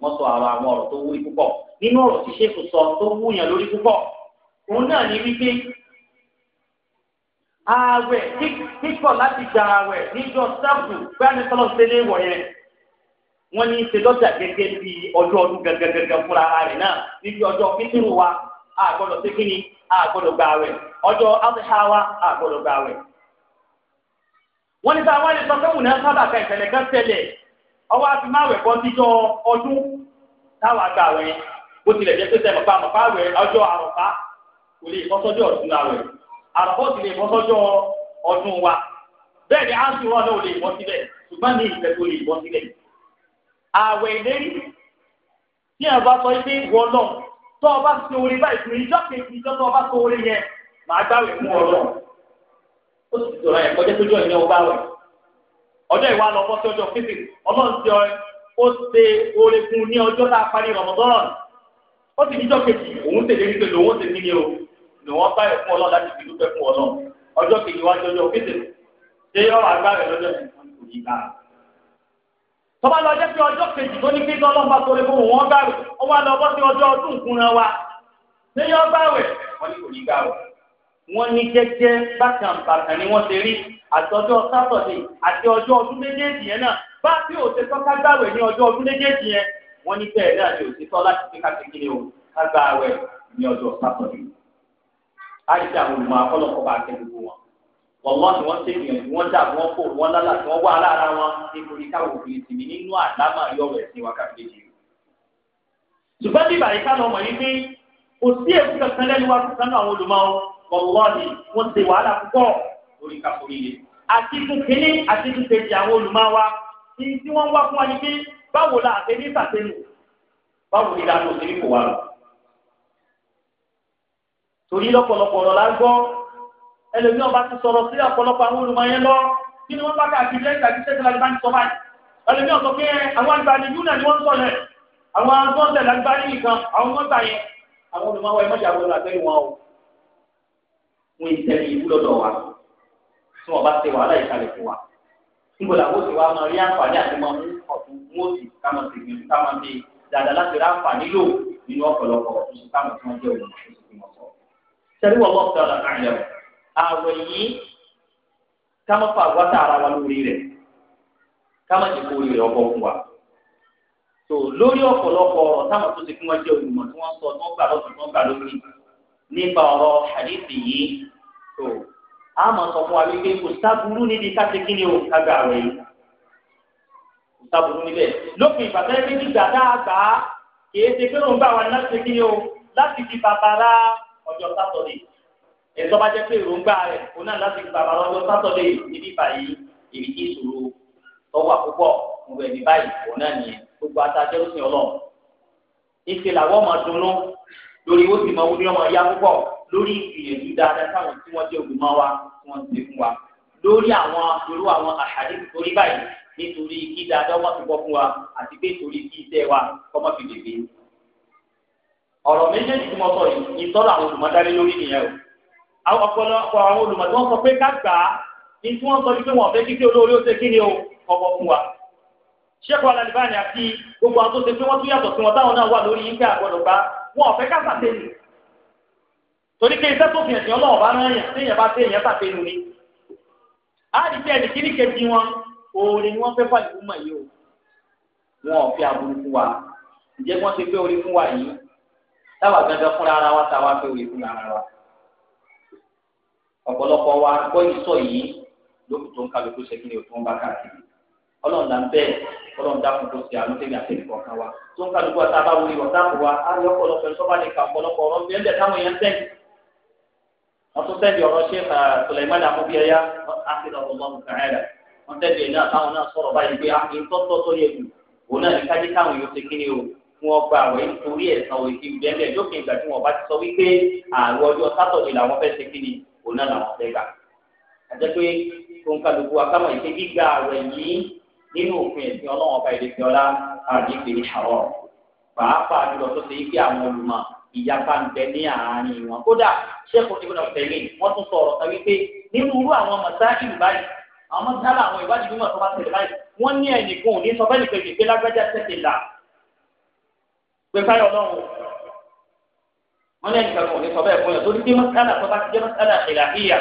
[SPEAKER 1] wọ́n sọ àwọn ọ̀rọ̀ tó wúrí púpọ̀ nínú ọ̀rọ̀ tí ṣéèkù sọ tó wúyàn lórí púpọ̀ òun náà ní wípé ààwẹ̀ kíkọ̀ láti gba ààwẹ̀ níjọ́ sábù gbani tọ́lọ̀ sílé wọ̀ yẹn wọ́n ní ṣe lọ́jà gẹ́gẹ́ bí ọjọ́ ọdún gẹ́gẹ́gẹ́gẹ́ fúnra rẹ̀ náà níbi ọjọ́ wa àgbọ̀dọ̀ kíni àgbọ̀dọ̀ gba ààwẹ̀ ọjọ́ abẹ́há wa àgbọ̀dọ̀ gba ààwẹ̀. wọ́n ní sáwọn ẹni sọ sábà ka ìṣẹ̀lẹ̀ kan ọwọ́ àràbọ̀tì lè bọ́ sọ́jọ́ ọdún wa bẹ́ẹ̀ ni áńsì wọn náà lè bọ́ síbẹ̀ ṣùgbọ́n ní ìfẹ́ tó lè bọ́ síbẹ̀. ààwẹ̀ ìlérí tí ẹ̀ bá sọ pé wọ́n lọ tó o bá so orí báyìí fún ìjọ kejì ìjọ tó o bá so orí yẹn màá gbáwẹ̀ fún ọ lọ. ó sì sọ̀rọ̀ ẹ̀ kọjá tó jọ ìyẹn o bá wẹ̀. ọjọ́ ìwà lọ bọ́ sí ọjọ́ fífi ọlọ́run ti ọrẹ ó ṣe oore fún ní ọjọ́ tá a parí rọ̀mọ́dọ́rọ̀ ó sì níjọ́ kejì òun tẹ̀lé ní pẹ̀lú òun tẹ̀lé ní o ni wọ́n bá ẹ̀fún ọlọ́run láti fi dúpẹ́ fún ọlọ́run ọjọ́ kejì wájú ọjọ́ kéde ṣé yọ agbára lọ́jọ́ yẹn wọ́n kò yí ká. tọ́ba lọ jẹ́ pé ọjọ́ kejì tó ní kí ọlọ́run bá torí fún wọn gbàwé wọ́n wá lọ bọ́ sí ọjọ́ ọdún ìkúnra wa ṣé yọ gbàwé wọ́n ní kò yí ká o. ní jẹ́jẹ́ bákan bàkan ni wọ́n ti rí àtọ́jọ́ sátọ̀dé àti ọjọ́ ọdún méjèèjì yẹn náà bá bí òṣètọ́ ká gbàwé ní ọjọ́ ọdún méjèèjì yẹn wọ́n ní bẹ́ẹ̀ náà ni òṣètọ́ láti fi ká ti kí o ká gbàwé ní ọjọ́ sátọ̀dé àìsí àwọn olùmọ̀ akọ́lọ́kọ́ bá kẹ́ gbogbo wọn wọ́n ni wọ́n ṣe ìyànjú wọ́n dà wọ́n fò wọ́n lálà tí wọ́n wà lára wọn nítorí káwọn òfin ìsinmi nínú àdámà yọrọ ẹ̀sìn wákàtí méjì. ṣùgbọ́n bí ìbàyí ká lọ mọ̀ pé kò sí èkú kankan lẹ́nu wá fún sánú àwọn olùmọ̀ wọ́n ni wọ́n ṣe wàhálà púpọ̀ lórí káforí yẹn. àti tún kínní àti tún kejì àwọn olùmọ̀ wa tí wọ́n wá fún wa ni pé báwo la àtẹ torí lọ́pọ̀lọpọ̀ ọ̀rọ̀ la gbọ́ ẹlòmíràn bá ti sọ̀rọ̀ sí ọ̀pọ̀lọpọ̀ àwọn olùmọ̀ lọ kí ni wọ́n bá káàkiri lẹ́yìn tàbí sẹ́kẹ̀lá ní bá ń sọ báyìí ẹlòmíràn sọ pé àwọn àgbàdì yúnà ni wọ́n sọ yẹn àwọn agbọ́nsẹ̀ lágbárí nìkan àwọn mọ́ta yẹn àwọn olùmọ̀wá ẹ̀ mọ́jà wọlé àgbẹ̀rẹ̀ wọn o wọn ì tẹ̀lé ìlú lọ́dọ̀ wa tí wọ́n bá ṣe wàhálà ìkàlẹ̀ fún wa níbo làwọn ò sì wá máa rí àǹfààní àti máa mú ọ̀tún mú òsì káwọn sì gbìyànjú káwọn bíi dáadáa láti rí àǹfààní lò nínú ọ̀pọ̀lọpọ̀ ọ̀tún sí káwọn tí wọ́n jẹ́ òun sẹ́rí wà wọ́n sọ̀rọ̀ àyẹ̀ àwẹ̀ yìí ká má fa àgbàtà ara wa lórí rẹ̀ ká má jẹ́ kó rí rẹ̀ ọkọ̀ fún wa. tó lórí ọ̀pọ̀lọpọ̀ ọ̀rọ̀ táwọn tó ti fún wa jẹ́ olùmọ̀ tí wọ́n sọ tí wọ́n gbà lọ́sùn tí wọ́n gbà lórí nípa ọ̀rọ̀ àdìsí yìí tó a máa sọ fún wa wípé kò sábúrú níbi káṣe kí ni o kága àwẹ̀ yìí kò sábúrú níbẹ̀ lópin ìbàtẹ́ pé nígbà dáa kì í ṣe pé òun bá wa láti kí ni o láti fi bàbá rà á lọ́jọ́ sátọ̀dé ẹ̀tọ́ bá jẹ́ pé èròǹgbà rẹ̀ òun náà láti gbàgbà lọ́jọ́ sátọ̀dé níbí báyìí èyí tí ìṣòro tọ́wọ́ àkókò mo bẹ̀ ní báyìí òun náà nìyẹn gbogbo atajẹ́ ó sìn ọlọ́run ìṣe làwọn ọmọ dunnú lórí ó sì mọ owó ní ọmọ ya púpọ̀ lórí ìgbìyànjú dáadáa táwọn tí wọ́n jẹ́ olùmọ́ wa tí wọ́n ti fún wa lórí àwọn irú àwọn àṣàdé torí báyìí nítorí kí dáadáa wọ́n ti bọ́ fún wa àti pé torí kí iṣẹ́ wa kọ́mọ́ fi lè ọ̀rọ̀ méjèèjì tí mo sọ yìí ìtọ́lọ̀ àwọn olùmọ̀dálé lórí nìyẹn o àwọn ọ̀pọ̀lọpọ̀ àwọn olùmọ̀dé wọn sọ pé ká gbà á ní tí wọ́n sọ ní pé wọ́n fẹ́ kíkẹ́ olóore ó ṣe kí ni o ọkọ̀ fún wa ṣẹ́kọ̀ alàlìbáyà àti gbogbo àwọn tó ṣe pé wọ́n tún yàtọ̀ sí wọn táwọn náà wà lórí yín pé àgbọ̀dọ̀ bá wọn ọ̀fẹ́ ká sàtẹ́nu torí pé iṣẹ́ tó fi ẹ̀sìn ọlọ́run bá rán yàn téèyàn bá téèyàn sàtẹ́nu ni á rí pé ẹnì kíní kejì wọn oore ni wọ́n fẹ́ fàlùkù mọ̀ yìí o wọn ò fi fún wa ǹjẹ́ wọ́n ti gbé orí fún wa yìí táwa gangan fúnra ara wa táwa fẹ́ wòye fúnra ara wa ọ̀pọ̀lọpọ̀ wa gbọ́ ìsọ yìí lókùn tó ń kálukú ṣe kí ni o tó ń bá káàkiri ọlọ́run là ń bẹ́ẹ̀ ọlọ́run dákun tó ṣe àánú tẹ̀lé àtẹ̀lé kọ̀ọ̀kan wa tó ń kálukú wa táwa wòye wọ̀ táàkù wa á yọ ọ̀pọ̀lọpọ̀ ẹ̀ sọ́ba lè ka ọ̀pọ̀lọpọ̀ ọ̀rọ̀ bí ẹ̀ńdẹ̀ táwọn èèyàn sẹ́yìn wọ́n tún sẹ́yìn ọ̀rọ̀ ṣe Sùlẹ̀mánì Amúbíyẹyà áfíìsì ọ̀pọ̀lọpọ̀ kàrẹ́rà wọ́n tẹ́lẹ̀ náà táwọn kí wọ́n gba àwẹ̀ nítorí ẹ̀san òye ti bẹ́ẹ̀ lókè ìgbà tí wọ́n bá ti sọ wípé àrùn ọjọ́ sátọ̀dẹ̀ làwọn fẹ́ ṣe kíni òun náà làwọn fẹ́ gbà. àti pé tó ń kálukú akámọ̀ ìṣe gbígba àwẹ̀ yìí nínú òfin ẹ̀sìn ọlọ́wọ́n ọba ìdè fiọ́lá àdìgbè àwọ̀ pàápàá jùlọ tó ṣe wípé àwọn olùmọ̀ ìyapa ń bẹ ní àárín wọn kódà sẹ́kù ibùdó tẹ̀lé wọ́n tún sọ ọ̀rọ̀ kan wípé nínú irú àwọn mọ̀sáàkì báyìí àwọn mọ̀sáàlà àwọn ìwádìí mímọ̀ tó bá tẹ̀lé báyìí wọ́n ní ẹnìkan ò ní sọ bẹ́ẹ̀ nìkan ìgbésẹ̀ lágbájá tẹ̀lé là pé káyọ̀ lọ́wọ́
[SPEAKER 2] wọn ní ẹnìkan kan ò ní sọ bẹ́ẹ̀ fún yàn torí pé
[SPEAKER 1] mọ́sálà tó bá ti jẹ́ mọ́sálà ìlàhíyà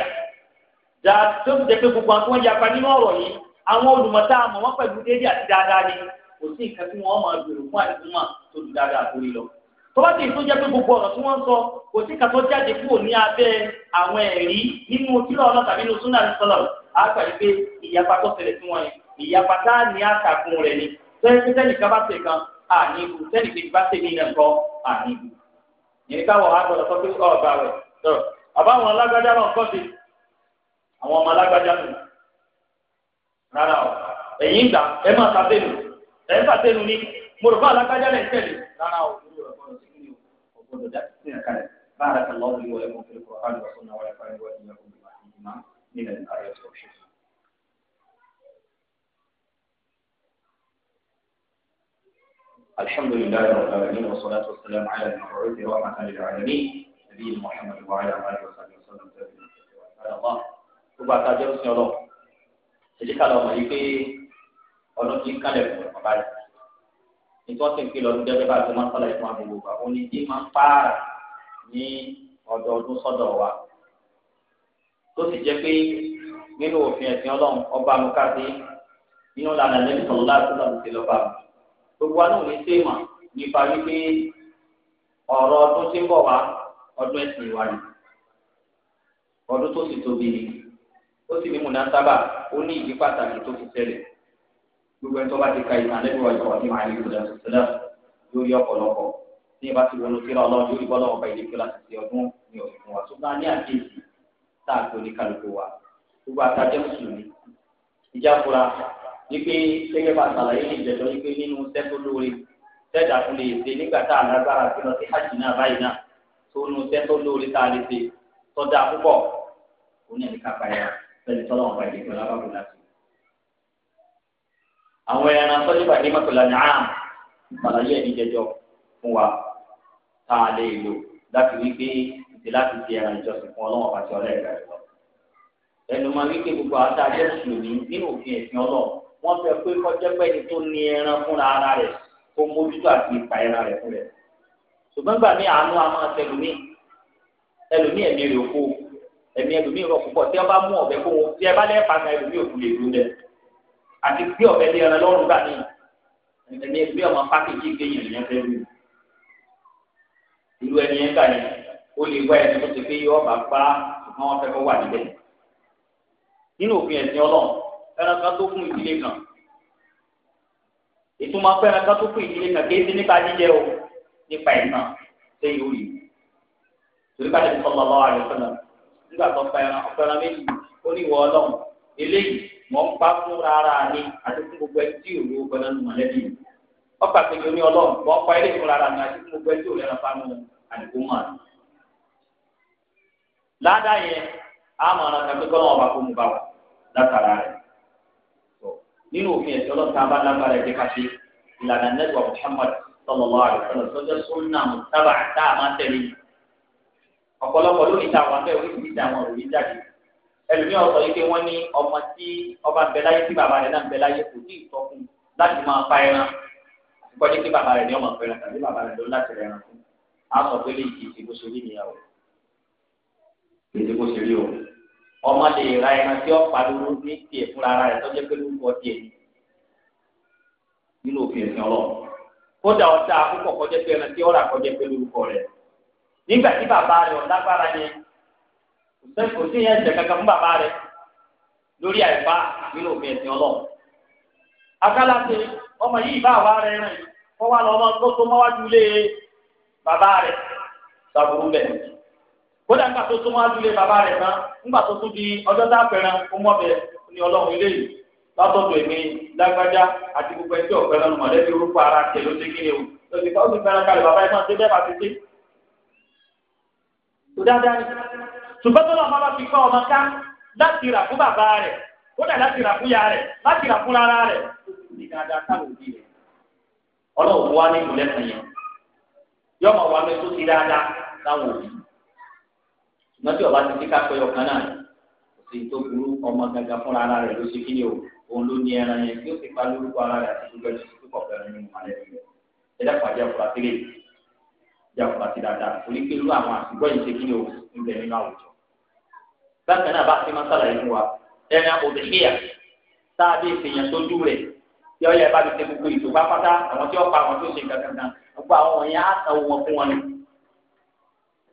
[SPEAKER 1] dà tó ti jẹ́ pé gbogbo àwọn tó ń yapa nínú ọ̀rọ̀ yìí àwọn olùmọ̀tá àmọ́ wọn pẹ̀lú déédéé àti dáadáa ni kò sí nǹkan tí wọ́n máa gbèrò fún àdìsúnmọ̀ tó lu dáadáa àkórí lọ. tó bá ti tó jẹ́ pé gbogbo ọ̀rọ̀ tí wọ́n sọ kò sí kàtọ́ jáde kúrò ní abẹ́ àwọn ẹ̀rí nínú kílọ̀ ọlọ́ta ni tẹ́lifíṣẹ́ nìkan àní ibù sẹ́ni kejì bá tẹ̀lé iná gbọ́ àní ibù. yìí káwọn àgbọ̀dọ̀ sọ pé ọ̀gbà rẹ̀ tọ̀ àbáwọn alágbájá náà kọ́ sí àwọn ọmọ alágbájá nù. rárá o ẹ̀yìn ìgbà ẹ máa sàtẹ́nu ẹ̀ ń sàtẹ́nu ní mo alágbájá lẹ̀ ń tẹ̀lé rárá o بارك na لي ولكم في القرآن والسنة ونفعني وإياكم بما فيهما من الآيات والشفاء الحمد لله رب العالمين والصلاة والسلام على المبعوث رحمة للعالمين نبينا محمد وعلى آله وصحبه وسلم تسليما كثيرا سبحان الله gbogbo àtàjọ ń sin ọlọ ẹjẹ ká lọ mọ yìí pé ọdún tí ń kálẹ̀ fún ọmọ báyìí nítorí tí ń pè lọ́dún gẹ́gẹ́ bá ti máa ń sọ́lá ìfún àbí gbogbo àwọn oníjì máa ń pààrà ní ọdọọdún sọ́dọ̀ wa tó sì jẹ́ pé nínú òfin ẹ̀sìn ọlọ́run ọba mu ká sí nínú lànà lẹ́yìn sọ̀rọ̀ láti sọ̀rọ̀ sí lọ́ba mu gbogbo wa náà ní sèmà nípa wípé ọ̀rọ̀ ọdún tí ń bọ̀ wá ọdún ẹ̀sìn ìwà rẹ̀ ọdún tó sì tóbi ni ó sì ní múnasábà ó ní ìdí pàtàkì tó fi ṣẹlẹ̀ gbogbo ẹni tó bá ti ka ìmọ̀ àlẹ́bí wa ìwà ní màá ní ìlú ṣẹlẹ̀ yóò rí ọ̀pọ̀lọpọ̀ ní ìbá ti wọnú síra ọlọ́run yóò rí bọ́lá ìdí kí láti ọdún ní ọ̀sìn wa tó bá ní àkéèsì tá a gbé oníkàlùkù wa gbogbo àtàjẹ́ mùsùlùmí ìjà fúra wípé gẹ́gẹ́ bá sàlàyé ní ìjẹ̀dọ̀ wípé nínú sẹ́kọ̀ lóore tẹ́ẹ̀dá fún lè ṣe nígbà tá a lágbára sí lọ sí hajj náà báyìí náà tó nu sẹ́kọ̀ lóore tá a lè ṣe tọ́jà púpọ̀ òun ẹ̀ka pàyà pẹ̀lú tọ́lọ̀ ọ̀pá ìdìbò lábàbò láti. àwọn ẹran tọ́jú pàdé mọ́tòlá ní àm sàlàyé ní ìjẹ̀dọ̀ fún wa tá a lè lò láti wípé ìdí láti ṣe ẹran ìjọsìn fún ọlọ́wọ́n àti ọlẹ́ẹ̀ka ẹnu máa wípé gbogbo àtàjẹ́ mùsùlùmí nínú òfin wọ́n fẹ́ pé kọjá pẹ́ni tó ní ẹran fúnra ara rẹ̀ kó mójútó àti ìpa ẹran rẹ̀ fún rẹ̀ ṣùgbọ́n gbà mí àánú a máa tẹlumi ẹlòmí ẹ̀mí rẹ̀ kó ẹ̀mí ẹlòmí rọ̀ púpọ̀ tí wọ́n bá mú ọ̀bẹ kó wọn tí ẹ bá lẹ́ẹ̀ pàṣẹ ẹlòmí òkú lè dúró dẹ àti gbé ọ̀bẹ lé ẹran lọ́rùn gbà ní ẹ̀mí ẹgbẹ́ ọmọ pákéjì gbẹ̀yìn ìyẹn fẹ́ rí ìlú ẹni yẹn gbà yẹn ó lè wá ẹni tó ti gbé yọ ọ̀bà pa ṣùgbọ́n wọ́n fẹ́ kó wà níbẹ̀ nínú òfin ẹ̀sìn ọlọ́run ẹran ka tó fún ìdílé kan ìtumọ̀ pé ẹran ka tó fún ìdílé kan kéde nípa jíjẹ o nípa ìtàn lẹ́yìn orí torí bá lè sọ lọ́wọ́ àrẹ sọ́nà nígbà tó pẹran ọ̀pẹran méjì ó ọlọ́run eléyìí mọ̀ ń pa fún rárá ni àti fún gbogbo nù mọ̀lẹ́bí ní ọlọ́run mọ̀ ń pa eléyìí fún rárá ni àti fún gbogbo òru ẹran àdìgbò ládàá yẹn nínú òfin ẹ̀sìn ọlọ́ta bá lágbára ẹ̀jẹ̀ kàṣe ìlànà nẹ́tíwá Muhammad sallallahu alaihi wasallam sọjọ́ sunna mùtábà tá a máa tẹ̀lé ọ̀pọ̀lọpọ̀ lórí ìta àwọn abẹ́ orí ìta àwọn òròyìn jáde ẹlòmíì ọ̀sọ̀ yìí pé wọ́n ní ọmọ tí ọba ń bẹ láyé tí bàbá rẹ̀ náà ń bẹ láyé kò tí ì sọ fún un láti máa pa ẹran àtikọ́jú pé bàbá rẹ̀ ní ọmọ pẹ̀lú tàbí bàbá rẹ̀ ló láti rẹ̀ ẹran fún un sọ pé lè yí ìṣègbè ṣe nìyàwó ìṣègbè ṣe òun. ọmọ lè ra ẹran tí ọ̀pá lóró ní tiẹ̀ fúnra ara rẹ̀ tọ́jú pé lórúkọ tiẹ̀ nínú òfin ẹ̀sìn ọlọ́run kódà ọ̀tá akókò kọjá pé ẹran tí ọ̀rà kọjá pé lórúkọ rẹ̀ nígbà tí bàbá rẹ̀ kò sí yẹn kankan fún bàbá rẹ̀ lórí àìfá nínú òfin ẹ̀sìn akálàṣe ọmọ yìí bá rẹ̀ rìn kọ́ lọ́mọ tó tó mọ́wájú lé bàbá rẹ̀ bẹ́ẹ̀ kódà nígbà tó tún wá lulẹ̀ bàbá rẹ̀ tán nígbà tó tún di ọjọ́ tá a ọlọ́run ilé yìí látọ̀dọ̀ èmi àti gbogbo ọ̀pẹ mọ̀lẹ́bí orúkọ ara ló o ká ó sì fẹ́ràn kalẹ̀ bàbá ẹ̀fọn ṣe bẹ́ẹ̀ bá ti ṣe. ni ṣùgbọ́n tó lọ́ọ́ bá fi kọ́ ọmọ ká láti rà fún bàbá rẹ̀ kódà láti rà ya rẹ̀ láti rà fún ara rẹ̀ ní dáadáa táwọn òbí ṣùgbọ́n tí ọba ti fi kápẹ́ ọ̀kan náà sì tó burú ọmọ gàgà fúnra ara rẹ̀ ló ṣe kí ni o òun ló ní ẹran yẹn tí ó sì pa lórúkọ ara rẹ̀ àti gbogbo ẹ̀sìn tó kọ̀ọ̀kan nínú alẹ́ rẹ̀ ẹ dàpọ̀ àjẹ́ àfúrásì rẹ̀ jẹ́ àfúrásì dáadáa torí pé irú àwọn àtìgbọ́ yìí ṣe kí ni o ń bẹ nínú àwùjọ. bákan náà bá ti máa sàlàyé fún wa ẹran òdìhíà táàbí ìfìyàn sójú rẹ̀ tí ọ yẹ bá ti ṣe gbogbo ìtò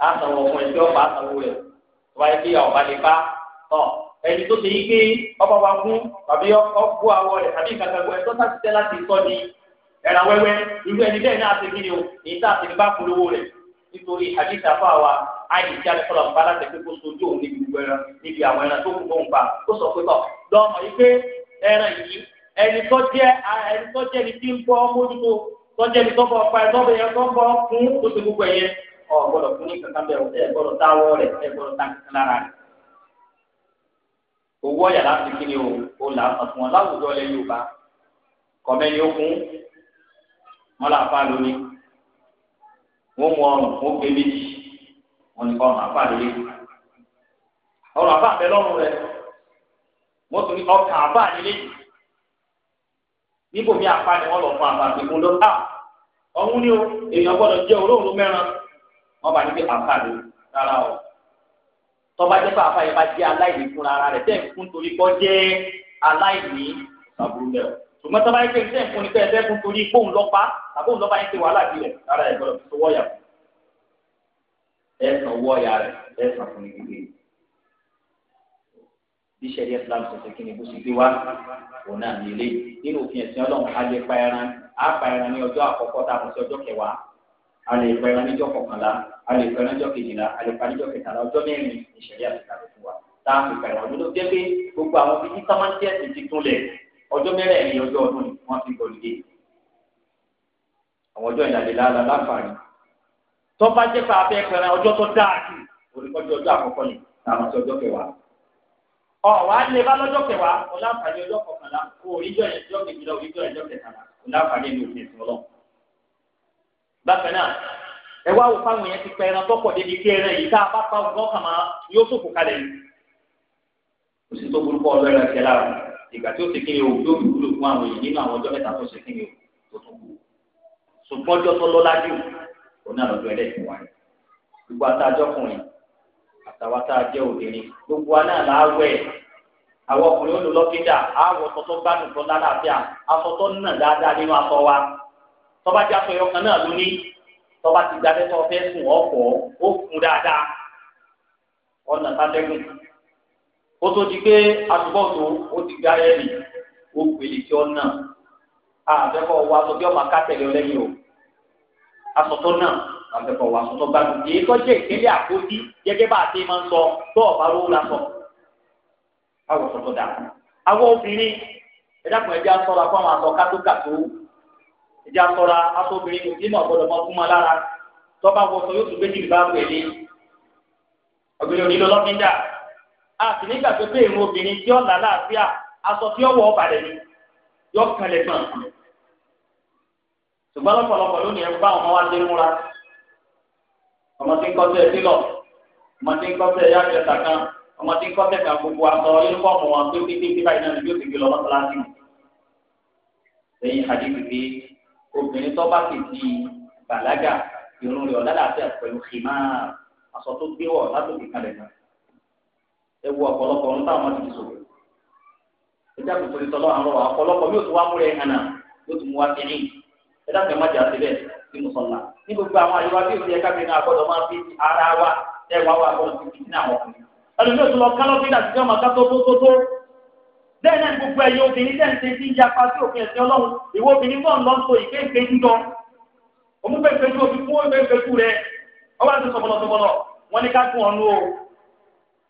[SPEAKER 1] àsanwó fún ẹjọ́ ọba àsanwó rẹ̀ tó bá yẹ kí ọba lè bá tọ̀ ẹni tó ṣe yí pé ọba wa kú tàbí ọkú awọ rẹ̀ tàbí ìkàkàgbọ ẹjọ́ tá ti tẹ́ láti tọ́ ni ẹ̀ràn wẹ́wẹ́ irú ẹni bẹ́ẹ̀ náà ti kí ni o èyí tá a ti ní bá polówó rẹ̀ nítorí hadith afa wa àyíká lọ́sọ̀rọ̀ nǹkan láti pé kó sojú òun níbi gbogbo ẹran níbi àwọn ẹran tó kù tó ń gbà ó sọ pé tọ̀ lọ́mọ yìí pé ẹran yìí ẹni tó jẹ́ ẹni tó jẹ́ ni tí ń bọ́ mójútó tó jẹ́ ni tó bọ́ ọ̀pá ẹ̀ tó bọ́ tó bọ́ fún oṣù gbogbo ẹ̀yẹn ọ gbọ́dọ̀ fún ní kankan bẹ ẹ gbọ́dọ̀ táwọ rẹ ẹ gbọ́dọ̀ tá kankan lára rẹ owó ọ̀yà láti kí ni o ò là á fún wọn láwùjọ lẹ Yorùbá kọmẹni ó kún wọn là fà lórí wọn mú ọrùn wọn gbé méjì wọn ní kọ ọrùn àfà lórí ọrùn àfà bẹ lọ́rùn rẹ wọn tún ní ọkàn àfà nílé níbo mi àfà ni wọn lọ fún àfà àti fún lọ ká ọ̀hún ni o èèyàn gbọ́dọ̀ jẹ olóòórùn mẹ́rin wọn bá níbi àfa lè rárá o tọ́ba jẹ́ pé àfa yẹn bá jẹ́ aláìní fún ara rẹ̀ tẹ́ ń torí kọ́ jẹ́ aláìní ìsàbùrù lẹ̀ o ṣùgbọ́n tọ́ba yẹn tẹ́ ń fún ni tẹ́ fún torí kóun lọ́pa tàbí òun lọ́ba yẹn ti wàhálà bí rẹ̀ rárá ẹ̀ gbọ́dọ̀ fi wọ́ọ̀yà ẹ̀ sàn wọ́ọ̀yà rẹ̀ ẹ̀ sàn fún ìgbìgbì bí sẹ́rí islam ṣẹ̀ṣẹ̀ kí ni bó ṣe gbé wá òun náà nílé nínú òfin ẹ̀sìn ọlọ́run a lè pa ẹran á pa ẹran ní ọjọ́ àkọ́kọ́ tá a mọ̀ sí ọjọ́ kẹwàá a lè pẹ́ lọ́jọ́ kọkànlá a lè pẹ́ lọ́jọ́ kejìlá a lè pẹ́ lọ́jọ́ kẹtàlá ọjọ́ mẹ́rin ìṣẹ̀lẹ̀ àti kàlẹ́ fún wa tá a fi pẹ̀lú ọdún ló jẹ́ pé gbogbo àwọn bíi tí sámátíẹ̀sì ti túnlẹ̀ ọjọ́ mẹ́rẹ̀ẹ̀rin ọjọ́ ọdún ni wọ́n fi gbòlùdé àwọn ọjọ́ ìdàlẹ́ lára láǹfààní tó bá jẹ́ pé abẹ́ pẹ̀rẹ̀ ọjọ́ tó dáa jù olùkọ́jọ́ ọjọ́ àkọ́kọ́ ni táwọn ti ọjọ́ kẹwàá ọ̀wá lè bá lọ́jọ́ kẹwàá ọláǹfààní ọjọ́ kọkànlá kó oríjọ́ ìjọ́ o oríjọ́ ìjọ́ kẹtàlá ọláǹfààní ẹni òfin ìsìn ọlọ́run bákan náà ẹ wá wò fáwọn yẹn ti pẹ ẹran tọkọ débi kí ẹran yìí tá a bá kàmá yóò kalẹ̀ yìí sí tó burúkọ ọlọ́ọ̀rẹ́ ẹ̀jẹ̀ lára ìgbà tí ó ti kiri o yóò fi fún àwọn nínú àwọn ọjọ́ mẹ́ta tó ṣe o tó kù ṣùgbọ́n jù ẹlẹ́sìn wa gbogbo tọ́ba jẹ́ aṣọ ẹyọkan náà lónìí tọ́ba ti gbadẹ́ tọ́ fẹ́ sùn ọ̀pọ̀ ó kún dáadáa ọ̀nà sátẹ́gùn ó tó di pé àtúbọ̀tò ó ti gbá ẹ̀rì ó gbèlè tí ọ̀nà àbẹ́fọ́ wa aṣọ bí ọmọ akátẹ̀lẹ́ ọlẹ́yìn o aṣọ tó náà àbẹ́fọ́ wa aṣọ tó gbádùn èyí tó jẹ́ ìpínlẹ̀ àkójí gẹ́gẹ́ bá a ti máa ń sọ tó ọ̀bá lówó la sọ awọ sọtọ dà awọ obìnrin ẹ̀dá kan ẹ̀dá sọ̀rọ̀ fún àwọn ìjà sọra aṣọ obìnrin kò nínú ọ̀gbọ́dọ̀ mọ́ fún wọn lára tọ́ba wọṣọ yóò tún méjì bá wẹ̀ lé ọ̀gbìn òní lọ́lọ́fíńdà a sì nígbà tó pé ìrún obìnrin tí ó là láàfíà aṣọ tí ó wọ̀ ọ́ balẹ̀ ni yọ kẹlẹ̀ tán ṣùgbọ́n lọ́pọ̀lọpọ̀ lónìí ẹ̀ ń bá ọmọ wa dé múra ọmọ tí ń kọ́ sí ẹ sílọ̀ ọmọ tí ń kọ́ sí ẹ yá ìjẹta kan ọmọ tí ń kọ́ sí gbogbo aṣọ yúnífọ́ọ̀mù wọn pé pípé pípa ìnáwó yóò ti gbé lọ mọ́tàlá sí i lẹ́yìn àdìgbì obìnrin tó bá kìí bàlágà irun rẹ̀ ọ̀làlàfẹ́ pẹ̀lú xìmá aṣọ tó gbé wọ̀ látòkè kalẹ̀ náà ẹ wo ọ̀pọ̀lọpọ̀ ọ̀run táwọn ti fi sọ̀rọ̀ ẹ jáde torí tọ́lọ́ àwọn ọ̀rọ̀ ọ̀pọ̀lọpọ̀ yóò tún wá múlẹ̀ hànà yóò tún mú wá sí rìn ẹ dákẹ́ má jà síbẹ̀ sí mùsọ̀lá ní gbogbo àwọn àyíwá bí òṣèlú ẹ̀ka bìnrin àgbọ̀dọ̀ máa fi ara wa ẹ̀ wá wá àgbọ̀dọ̀ bẹ́ẹ̀ náà ni gbogbo ẹ̀yin obìnrin tẹ̀ ń ṣe ti ń yapa sí òfin ẹ̀sìn ọlọ́run ìwọ obìnrin náà lọ sọ ìgbé ìgbéjú lọ òun fẹ́ fẹ́jú omi fún ìgbé ìgbéjú rẹ ọba ti sọ̀bọ̀lọ̀ sọ̀bọ̀lọ̀ wọn ni ká gún ọ̀nù o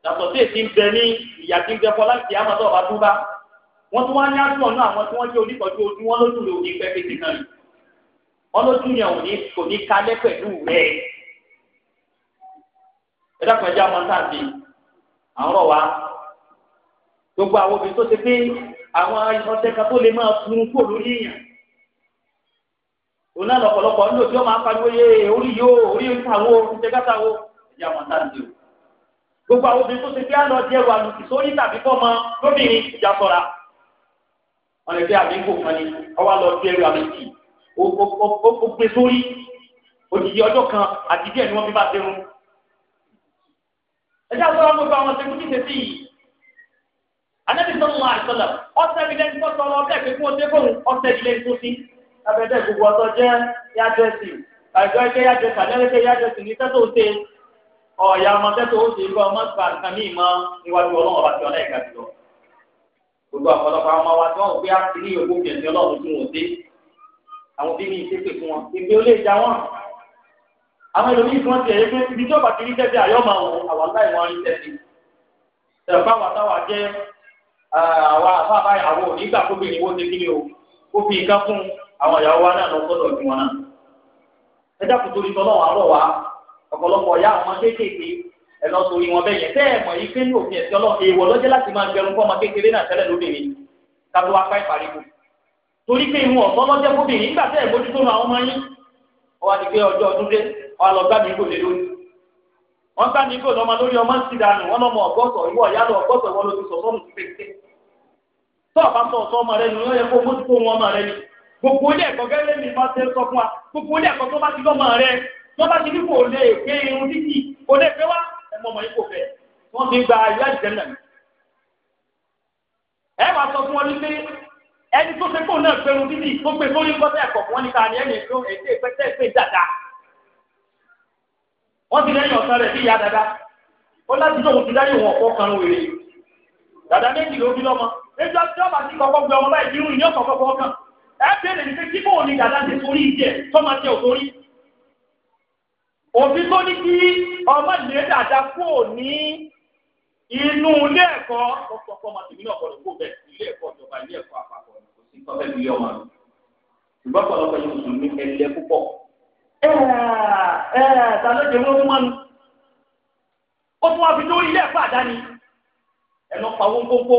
[SPEAKER 1] yàtọ̀ sí èsì ń bẹ ní ìyá tí ń bẹ fọ láti amadu ọba tó bá wọn tún wá ní àtún ọ̀nà àwọn tí wọ́n jẹ́ onítọ̀jú ojú wọn lójú rẹ òní pẹ́ pété kan wọn lójú yẹn òní kò ní kalẹ́ pẹ̀lú rẹ ẹ dákun ẹjẹ àwọn táàbì àwọn ọ̀rọ̀ wa gbogbo àwọn obìnrin tó ṣe pé àwọn ọ̀sẹ̀ kan tó lè máa fún kó lórí èèyàn òun náà lọ̀pọ̀lọpọ̀ ń lò tí ó máa ń pariwo yé orí yóò orí ìtàwó ìtẹ́gátàwó ìyá wọn táà ń dè o gbogbo àwọn obìnrin tó ṣe pé àlọ́ jẹ́ wà lùkì sórí tàbí fọ́ ọmọ lóbìnrin ìjà sọ̀ra wọn lè fi àdínkù kan ni ọwọ́ lọ sí ẹrù àmì tì ó gbé sórí òjijì ọjọ́ kan àti díẹ̀ ni wọ́n fi bá ṣerun ẹjẹ́ àtọ́wọ́ gbogbo àwọn ṣe kú anabi sọ̀rọ̀ wọn àtọ̀lọ̀ ọ̀sẹ̀ ilé ń tọ́ tọ́lọ ọ̀bẹ̀ pé kí wọ́n dé fóun ọ̀sẹ̀ ilé ń tó sí. abẹ́dẹ́ gbogbo ọtọ jẹ́ yájọ́sì àjọ ẹgbẹ́ yájọ́sì àjọ ẹgbẹ́ yájọ́sì ní tẹ́tò ṣe ọ̀ọ́yà ọmọ tẹ́tò ṣe ń bọ́ ọmọ ìgbà nǹkan mí mọ́ níwájú ọlọ́run ọba tí ọlá ìgbà jùlọ. gbogbo ọ̀pọ̀lọpọ̀ àwọn ọmọ wa tí wọ́n gbé àtìrí ògbó kẹ̀sì ọlọ́run tí wọ́n dé àwọn bí mi ìṣépè fún wọn ìgbé ó lè já wọn. àwọn ẹlòmíì tí wọ́n ti ẹ̀yẹ́ pé ibi tí ọ̀pá ti rí tẹ́tẹ́ àyọ́mọ̀ àwọn àwọn aláìwọ̀n rí tẹ́tẹ́ Ah, àwọn àfáàfá ìyàwó nígbà tó bìnrin wo ṣe kí o ó fi nǹkan fún àwọn ìyàwó wa náà lọ sọ́dọ̀ wọn náà. ẹ dákun torí tọ́lọ́ àárọ̀ wa ọ̀pọ̀lọpọ̀ ìyá àwọn kéékèèké ẹ lọ sórí wọn bẹ́ẹ̀ yẹn bẹ́ẹ̀ mọ̀ yìí pé ní òfin ẹ̀sìn ọlọ́run èèwọ̀ lọ́jẹ́ láti máa gbẹrun fọ́ ọmọ kékeré náà tẹ́lẹ̀ lóbìnrin kábí wá pẹ́ ìpàdébò torí pé ìwọ̀n ọ̀sán lọ́jẹ́ fóbìnrin nígbà tẹ́ ẹ̀ mójútó nu àwọn ọmọ yín ọwọ́ àti pé ọjọ́ ọdún dé wọ́n á lọ gbá mi gòlè lórí wọ́n gbá mi gòlè ọmọ lórí ọmọ sí wọ́n lọ́mọ ọgọ́sọ̀ ìwọ ìyá lọ ọgọ́sọ̀ ìwọ lójú sọ̀tọ́nù pépé tó àbá mọ̀ ọ̀sọ́ ọmọ rẹ ni wọ́n yẹ kó mójú tó wọn ọmọ rẹ ni gbogbo ilé ẹ̀kọ́ gẹ́gẹ́ mi máa ṣe sọ fún wa gbogbo ilé ẹ̀kọ́ tó bá ti lọ́mọ rẹ tó bá ti ní kò lè gbé irun títì kò lè gbé wá ẹ̀mọ́ ọmọ yìí kò fẹ́ wọ́n ti gba ìyá ìjẹ́ náà. ẹ wàá sọ fún wọn ní pé ẹni tó ṣe kóun náà gbé irun títì tó gbé sórí gbọ́dọ̀ ẹ̀kọ́ fún wọn ní káàní ẹni tó èdè pẹ́tẹ́ pé dáadáa. wọ́n ti lẹ́yìn ọ̀sán rẹ̀ ẹjọ́ tí ọba ti kọ́kọ́ gbé ọmọ báyìí irun ìyẹn kọ́kọ́ kọ́ kàn ẹ bẹ̀rẹ̀ ní pé kí bò ní dàda ti torí ìjẹ tọ́mọ tẹ òtórí. òfin tó ní kí ọmọ ìlú dàda kò ní inú ilé ẹ̀kọ́ ọkọ̀ ọmọ tèmi náà kọ́ ló kó bẹ̀ ilé ẹ̀kọ́ ìjọba ilé ẹ̀kọ́ àpapọ̀ kò sí tọ́fẹ́ mi yọ ọmọ mi ṣùgbọ́n ọ̀pọ̀lọpọ̀ yìí mùsùlùmí ẹlẹ́ púpọ̀ ẹ̀ẹ́ ta ló jẹ́ wọ́n mọ́nu ó tún wá fi tó ilé ẹ̀kọ́ àdáni ẹ̀nà pàwọn gbogbo.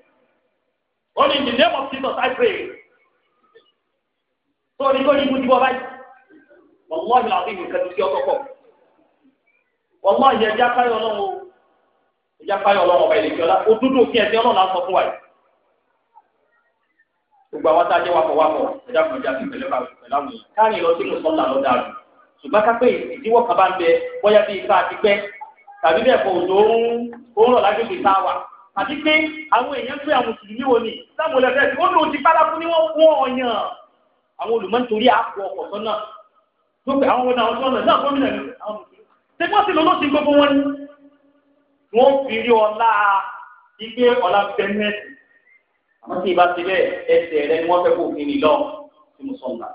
[SPEAKER 1] Only in the name of Jesus I pray. So ni tó ní ibú ti bọ́ báyìí. Wàláhi làbí nìkan ti fi ọkọ̀ pọ̀. Wàláhi ẹja káyọ̀ ọlọ́run o. Ẹja káyọ̀ ọlọ́run ọba ìlẹ̀kẹ́ ọlá. Òdodo òfin ẹ̀sìn ọlọ́run á sọ fún wa yìí. Gbogbo àwọn tá a jẹ́ wakọ̀ wakọ̀ ẹja kan já sí pẹ̀lẹ́ bá pẹ̀lú àwọn èèyàn. Káàrin lọ sínú sọ́ńdà lọ dáa lù. Ṣùgbọ́n ká pé ìdíwọ́ kan bá ń bẹ bóyá bí ifá ti gbẹ́ tàbí bẹ́ẹ̀ kò tó ń rọ̀ lágbègbè tá a wà àti pé àwọn èèyàn pé àwọn mùsùlùmí wo ni sáwọn olùfẹ́ tí ó lò ti padà fún ni wọ́n wọ́n ọ̀yàn àwọn olùmọ̀ nítorí àpò ọkọ̀ sọ́nà tó pé àwọn ọ̀nà ọ̀sán náà náà gómìnà ni àwọn mùsùlùmí ṣé wọ́n sì lọ lọ́sìn gbogbo wọn ni wọ́n fi rí ọlá igbe ọlá bẹ́ẹ̀mẹ́sì àmọ́ tí ìbá ti bẹ́ẹ̀ ẹsẹ̀ rẹ ni wọ́n fẹ́ kó fi ní lọ sí mùsọ̀nà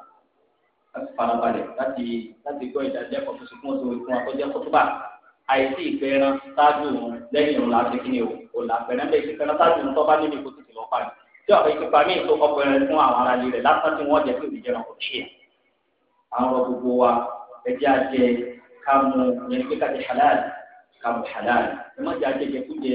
[SPEAKER 1] láti farabalẹ̀ láti láti gbọ́ ìdájẹ́kọ̀ọ́ àìsí ìfẹ́ràn ṣáájú òun lẹ́yìn òun láti kí ni o ò là pẹ̀rẹ́ bẹ́ẹ̀ ti fẹ́ràn ṣáájú òun tó bá níbi kó tètè lọ́ọ́ pàdé tí ọ̀pẹ ìpípa míì tó kọ́ pẹ̀rẹ́ fún àwọn ará ilé rẹ̀ lásán tí wọ́n jẹ́ pé òbí jẹran kò ṣe é àwọn ọ̀rọ̀ gbogbo wa ẹjẹ́ àjẹ kàmú yẹn pé kàti halal kàmú halal ẹ má jẹ́ àjẹjẹ kú jẹ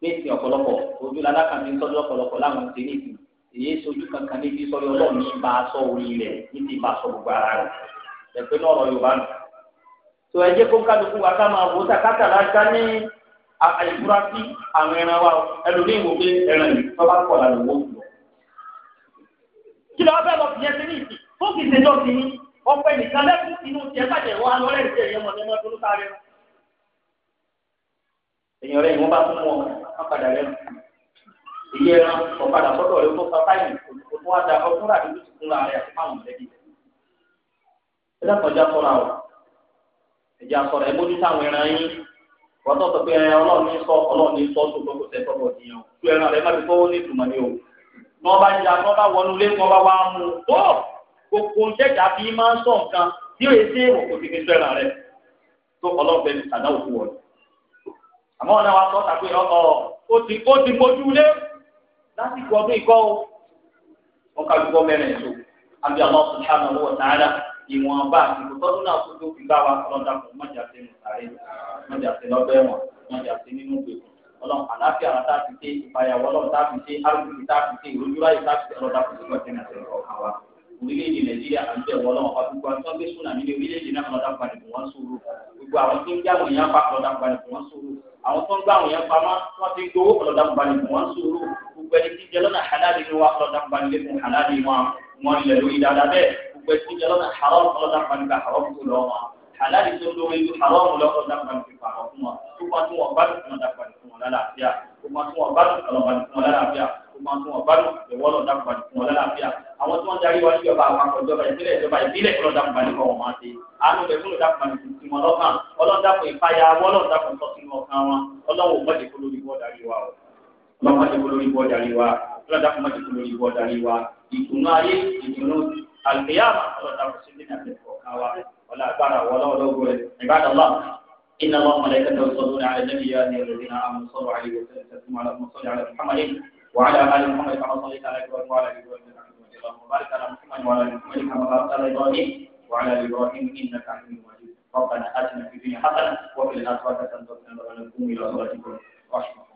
[SPEAKER 1] méjì ọ̀pọ̀lọpọ̀ ojú lalákan ti ń sọ́dọ̀ ọ̀pọ̀lọpọ̀ láwọn ti ní ìsìn èyí sojú kankan níbi sọ́dọ̀ ọlọ́run tó ẹ jẹ́ kó kálukú wa ká máa wò ó sàkátà láta ní àìfurasí àwọn ẹran wa ẹlòmíì wò pé ẹran yìí wọ́n bá kọ̀ lálẹ́ wọ́n lọ. kí ló wá fẹ́ lọ fìyẹn sí ní ìsìn fún kì í ṣe lọ́ọ̀sì ní ọ̀pẹ nìkan lẹ́kùn inú tiẹ̀ bàjẹ́ wọn á lọ lẹ́yìn tí ẹ̀yẹ́ mọ̀ ní tó ló sáré lọ. èèyàn rẹ̀ ìwọ́n bá tún mú ọ rẹ̀ ìyé ẹran ọ̀padà sọ́dọ̀ rẹ̀ ó sátáyì òtún wá ọkùnrin àdúgbò ẹ̀jẹ̀ àsọ̀rọ̀ ẹ̀ mójútó àwọn ẹran yín wọ́n tọ́ sọ pé ọlọ́run ní sọ ọlọ́run ní sọ tó gbogbo tẹ sọ́kọ̀ nìyẹn tó ẹran rẹ̀ má fi fọwọ́ ní ìtumọ̀ ni o ní wọ́n bá ń ja ní wọ́n bá wọnú lé wọ́n bá wá mú un tó gbogbo jẹ́jà bí máa ń sọ nǹkan tí yóò ṣe òkò ti fi tó ẹran rẹ̀ tó ọlọ́run bẹ̀rẹ̀ sàdá òkú wọn. àmọ́ ọ̀nà wa sọ tàbí ọkọ̀ ó ti ó ti mójú Allah subhanahu wa ta'ala ìwọ̀nba àsìkò tọ́dún náà tó tó fi bá wa sọ̀rọ̀ dàpọ̀ mọ́jà sí inú sàárè mọ́jà sí lọ́gbẹ́ wọn mọ́jà sí nínú gbèkùn ọlọ́run àlàáfíà ara tá a fi dé ìpayàwó ọlọ́run tá a fi dé arúgbó tá a fi dé ìrójúra yìí tá a fi dé ọlọ́dà kò sí wọ́n tẹ́lẹ̀ tẹ́lẹ̀ ọ̀kan wa orílẹ̀-èdè nàìjíríà àbíbẹ̀wò ọlọ́run pàtùkù àti wọ́n gbé súnà nílé orílẹ̀-èdè náà lọ́dà panìkù wọ́n sòrò gbogbo àwọn tó ń gbé àwọn èèyàn pa lọ́dà panìkù wọ́n sòrò àwọn tó ń gbé àwọn èèyàn pamọ́ wọ́n ti gbowó lọ́dà panìkù wọ́n sòrò gbogbo ẹni tí jẹ lọ́nà halali ni wọ́n lọ́dà panìkù halali wọn wọn lẹ̀ lórí dáadáa bẹ́ẹ̀ gbogbo ẹtí jẹ lọ́nà haram ọlọ́dà pàǹkà haram kù lọ́wọ́ wọn halali tó lórí ju haram lọ́dà pàǹkà pàrọ̀ fún wọn gbogbo àti wọn gbádùn ọlọ́dà pàǹkà fún wọn lálàáfíà gbogbo àti wọn gbádùn ọlọ́dà pàǹkà fún wọn lálàáfíà gbogbo àti wọn gbádùn ìwọ lọ́dà pàǹkà fún wọn lálàáfíà àwọn tí wọ́n darí wá sí ọba àpapọ̀ ìjọba ìbílẹ̀ ìjọba ìbílẹ̀ ọlọ́dà pàǹkà fún wọn máa ṣe àánú rẹ̀ fún ọlọ́dà pàǹkà fún wọn lọ́kàn ọlọ́dà pàǹkà ìpayà wọn ọlọ́dà pàǹkà sọ sínú ọkàn wọn ọlọ́wọ́ mọ́tì kó lórí wọn darí wa ọlọ́wọ́ wọn darí wa ọlọ́dà pàǹkà mọ́tì kó lórí wọn darí القيامة ọlọ́dà kò sí nínú àtẹ̀kọ́ káwa ọlá agbára wọlé ọlọ́gbọ̀ rẹ̀ ìbáda lọ. إن الله ملائكته يصلون على النبي يا أيها الذين آمنوا صلوا عليه وسلموا تسليما صل على محمد وعلى آل محمد كما صليت على إبراهيم وعلى آل إبراهيم إنك حميد على محمد وعلى آل محمد كما باركت على إبراهيم وعلى آل إبراهيم إنك حميد مجيد ربنا آتنا في الدنيا حسنة وفي الآخرة حسنة وقنا عذاب النار إلى صلاتكم رحمة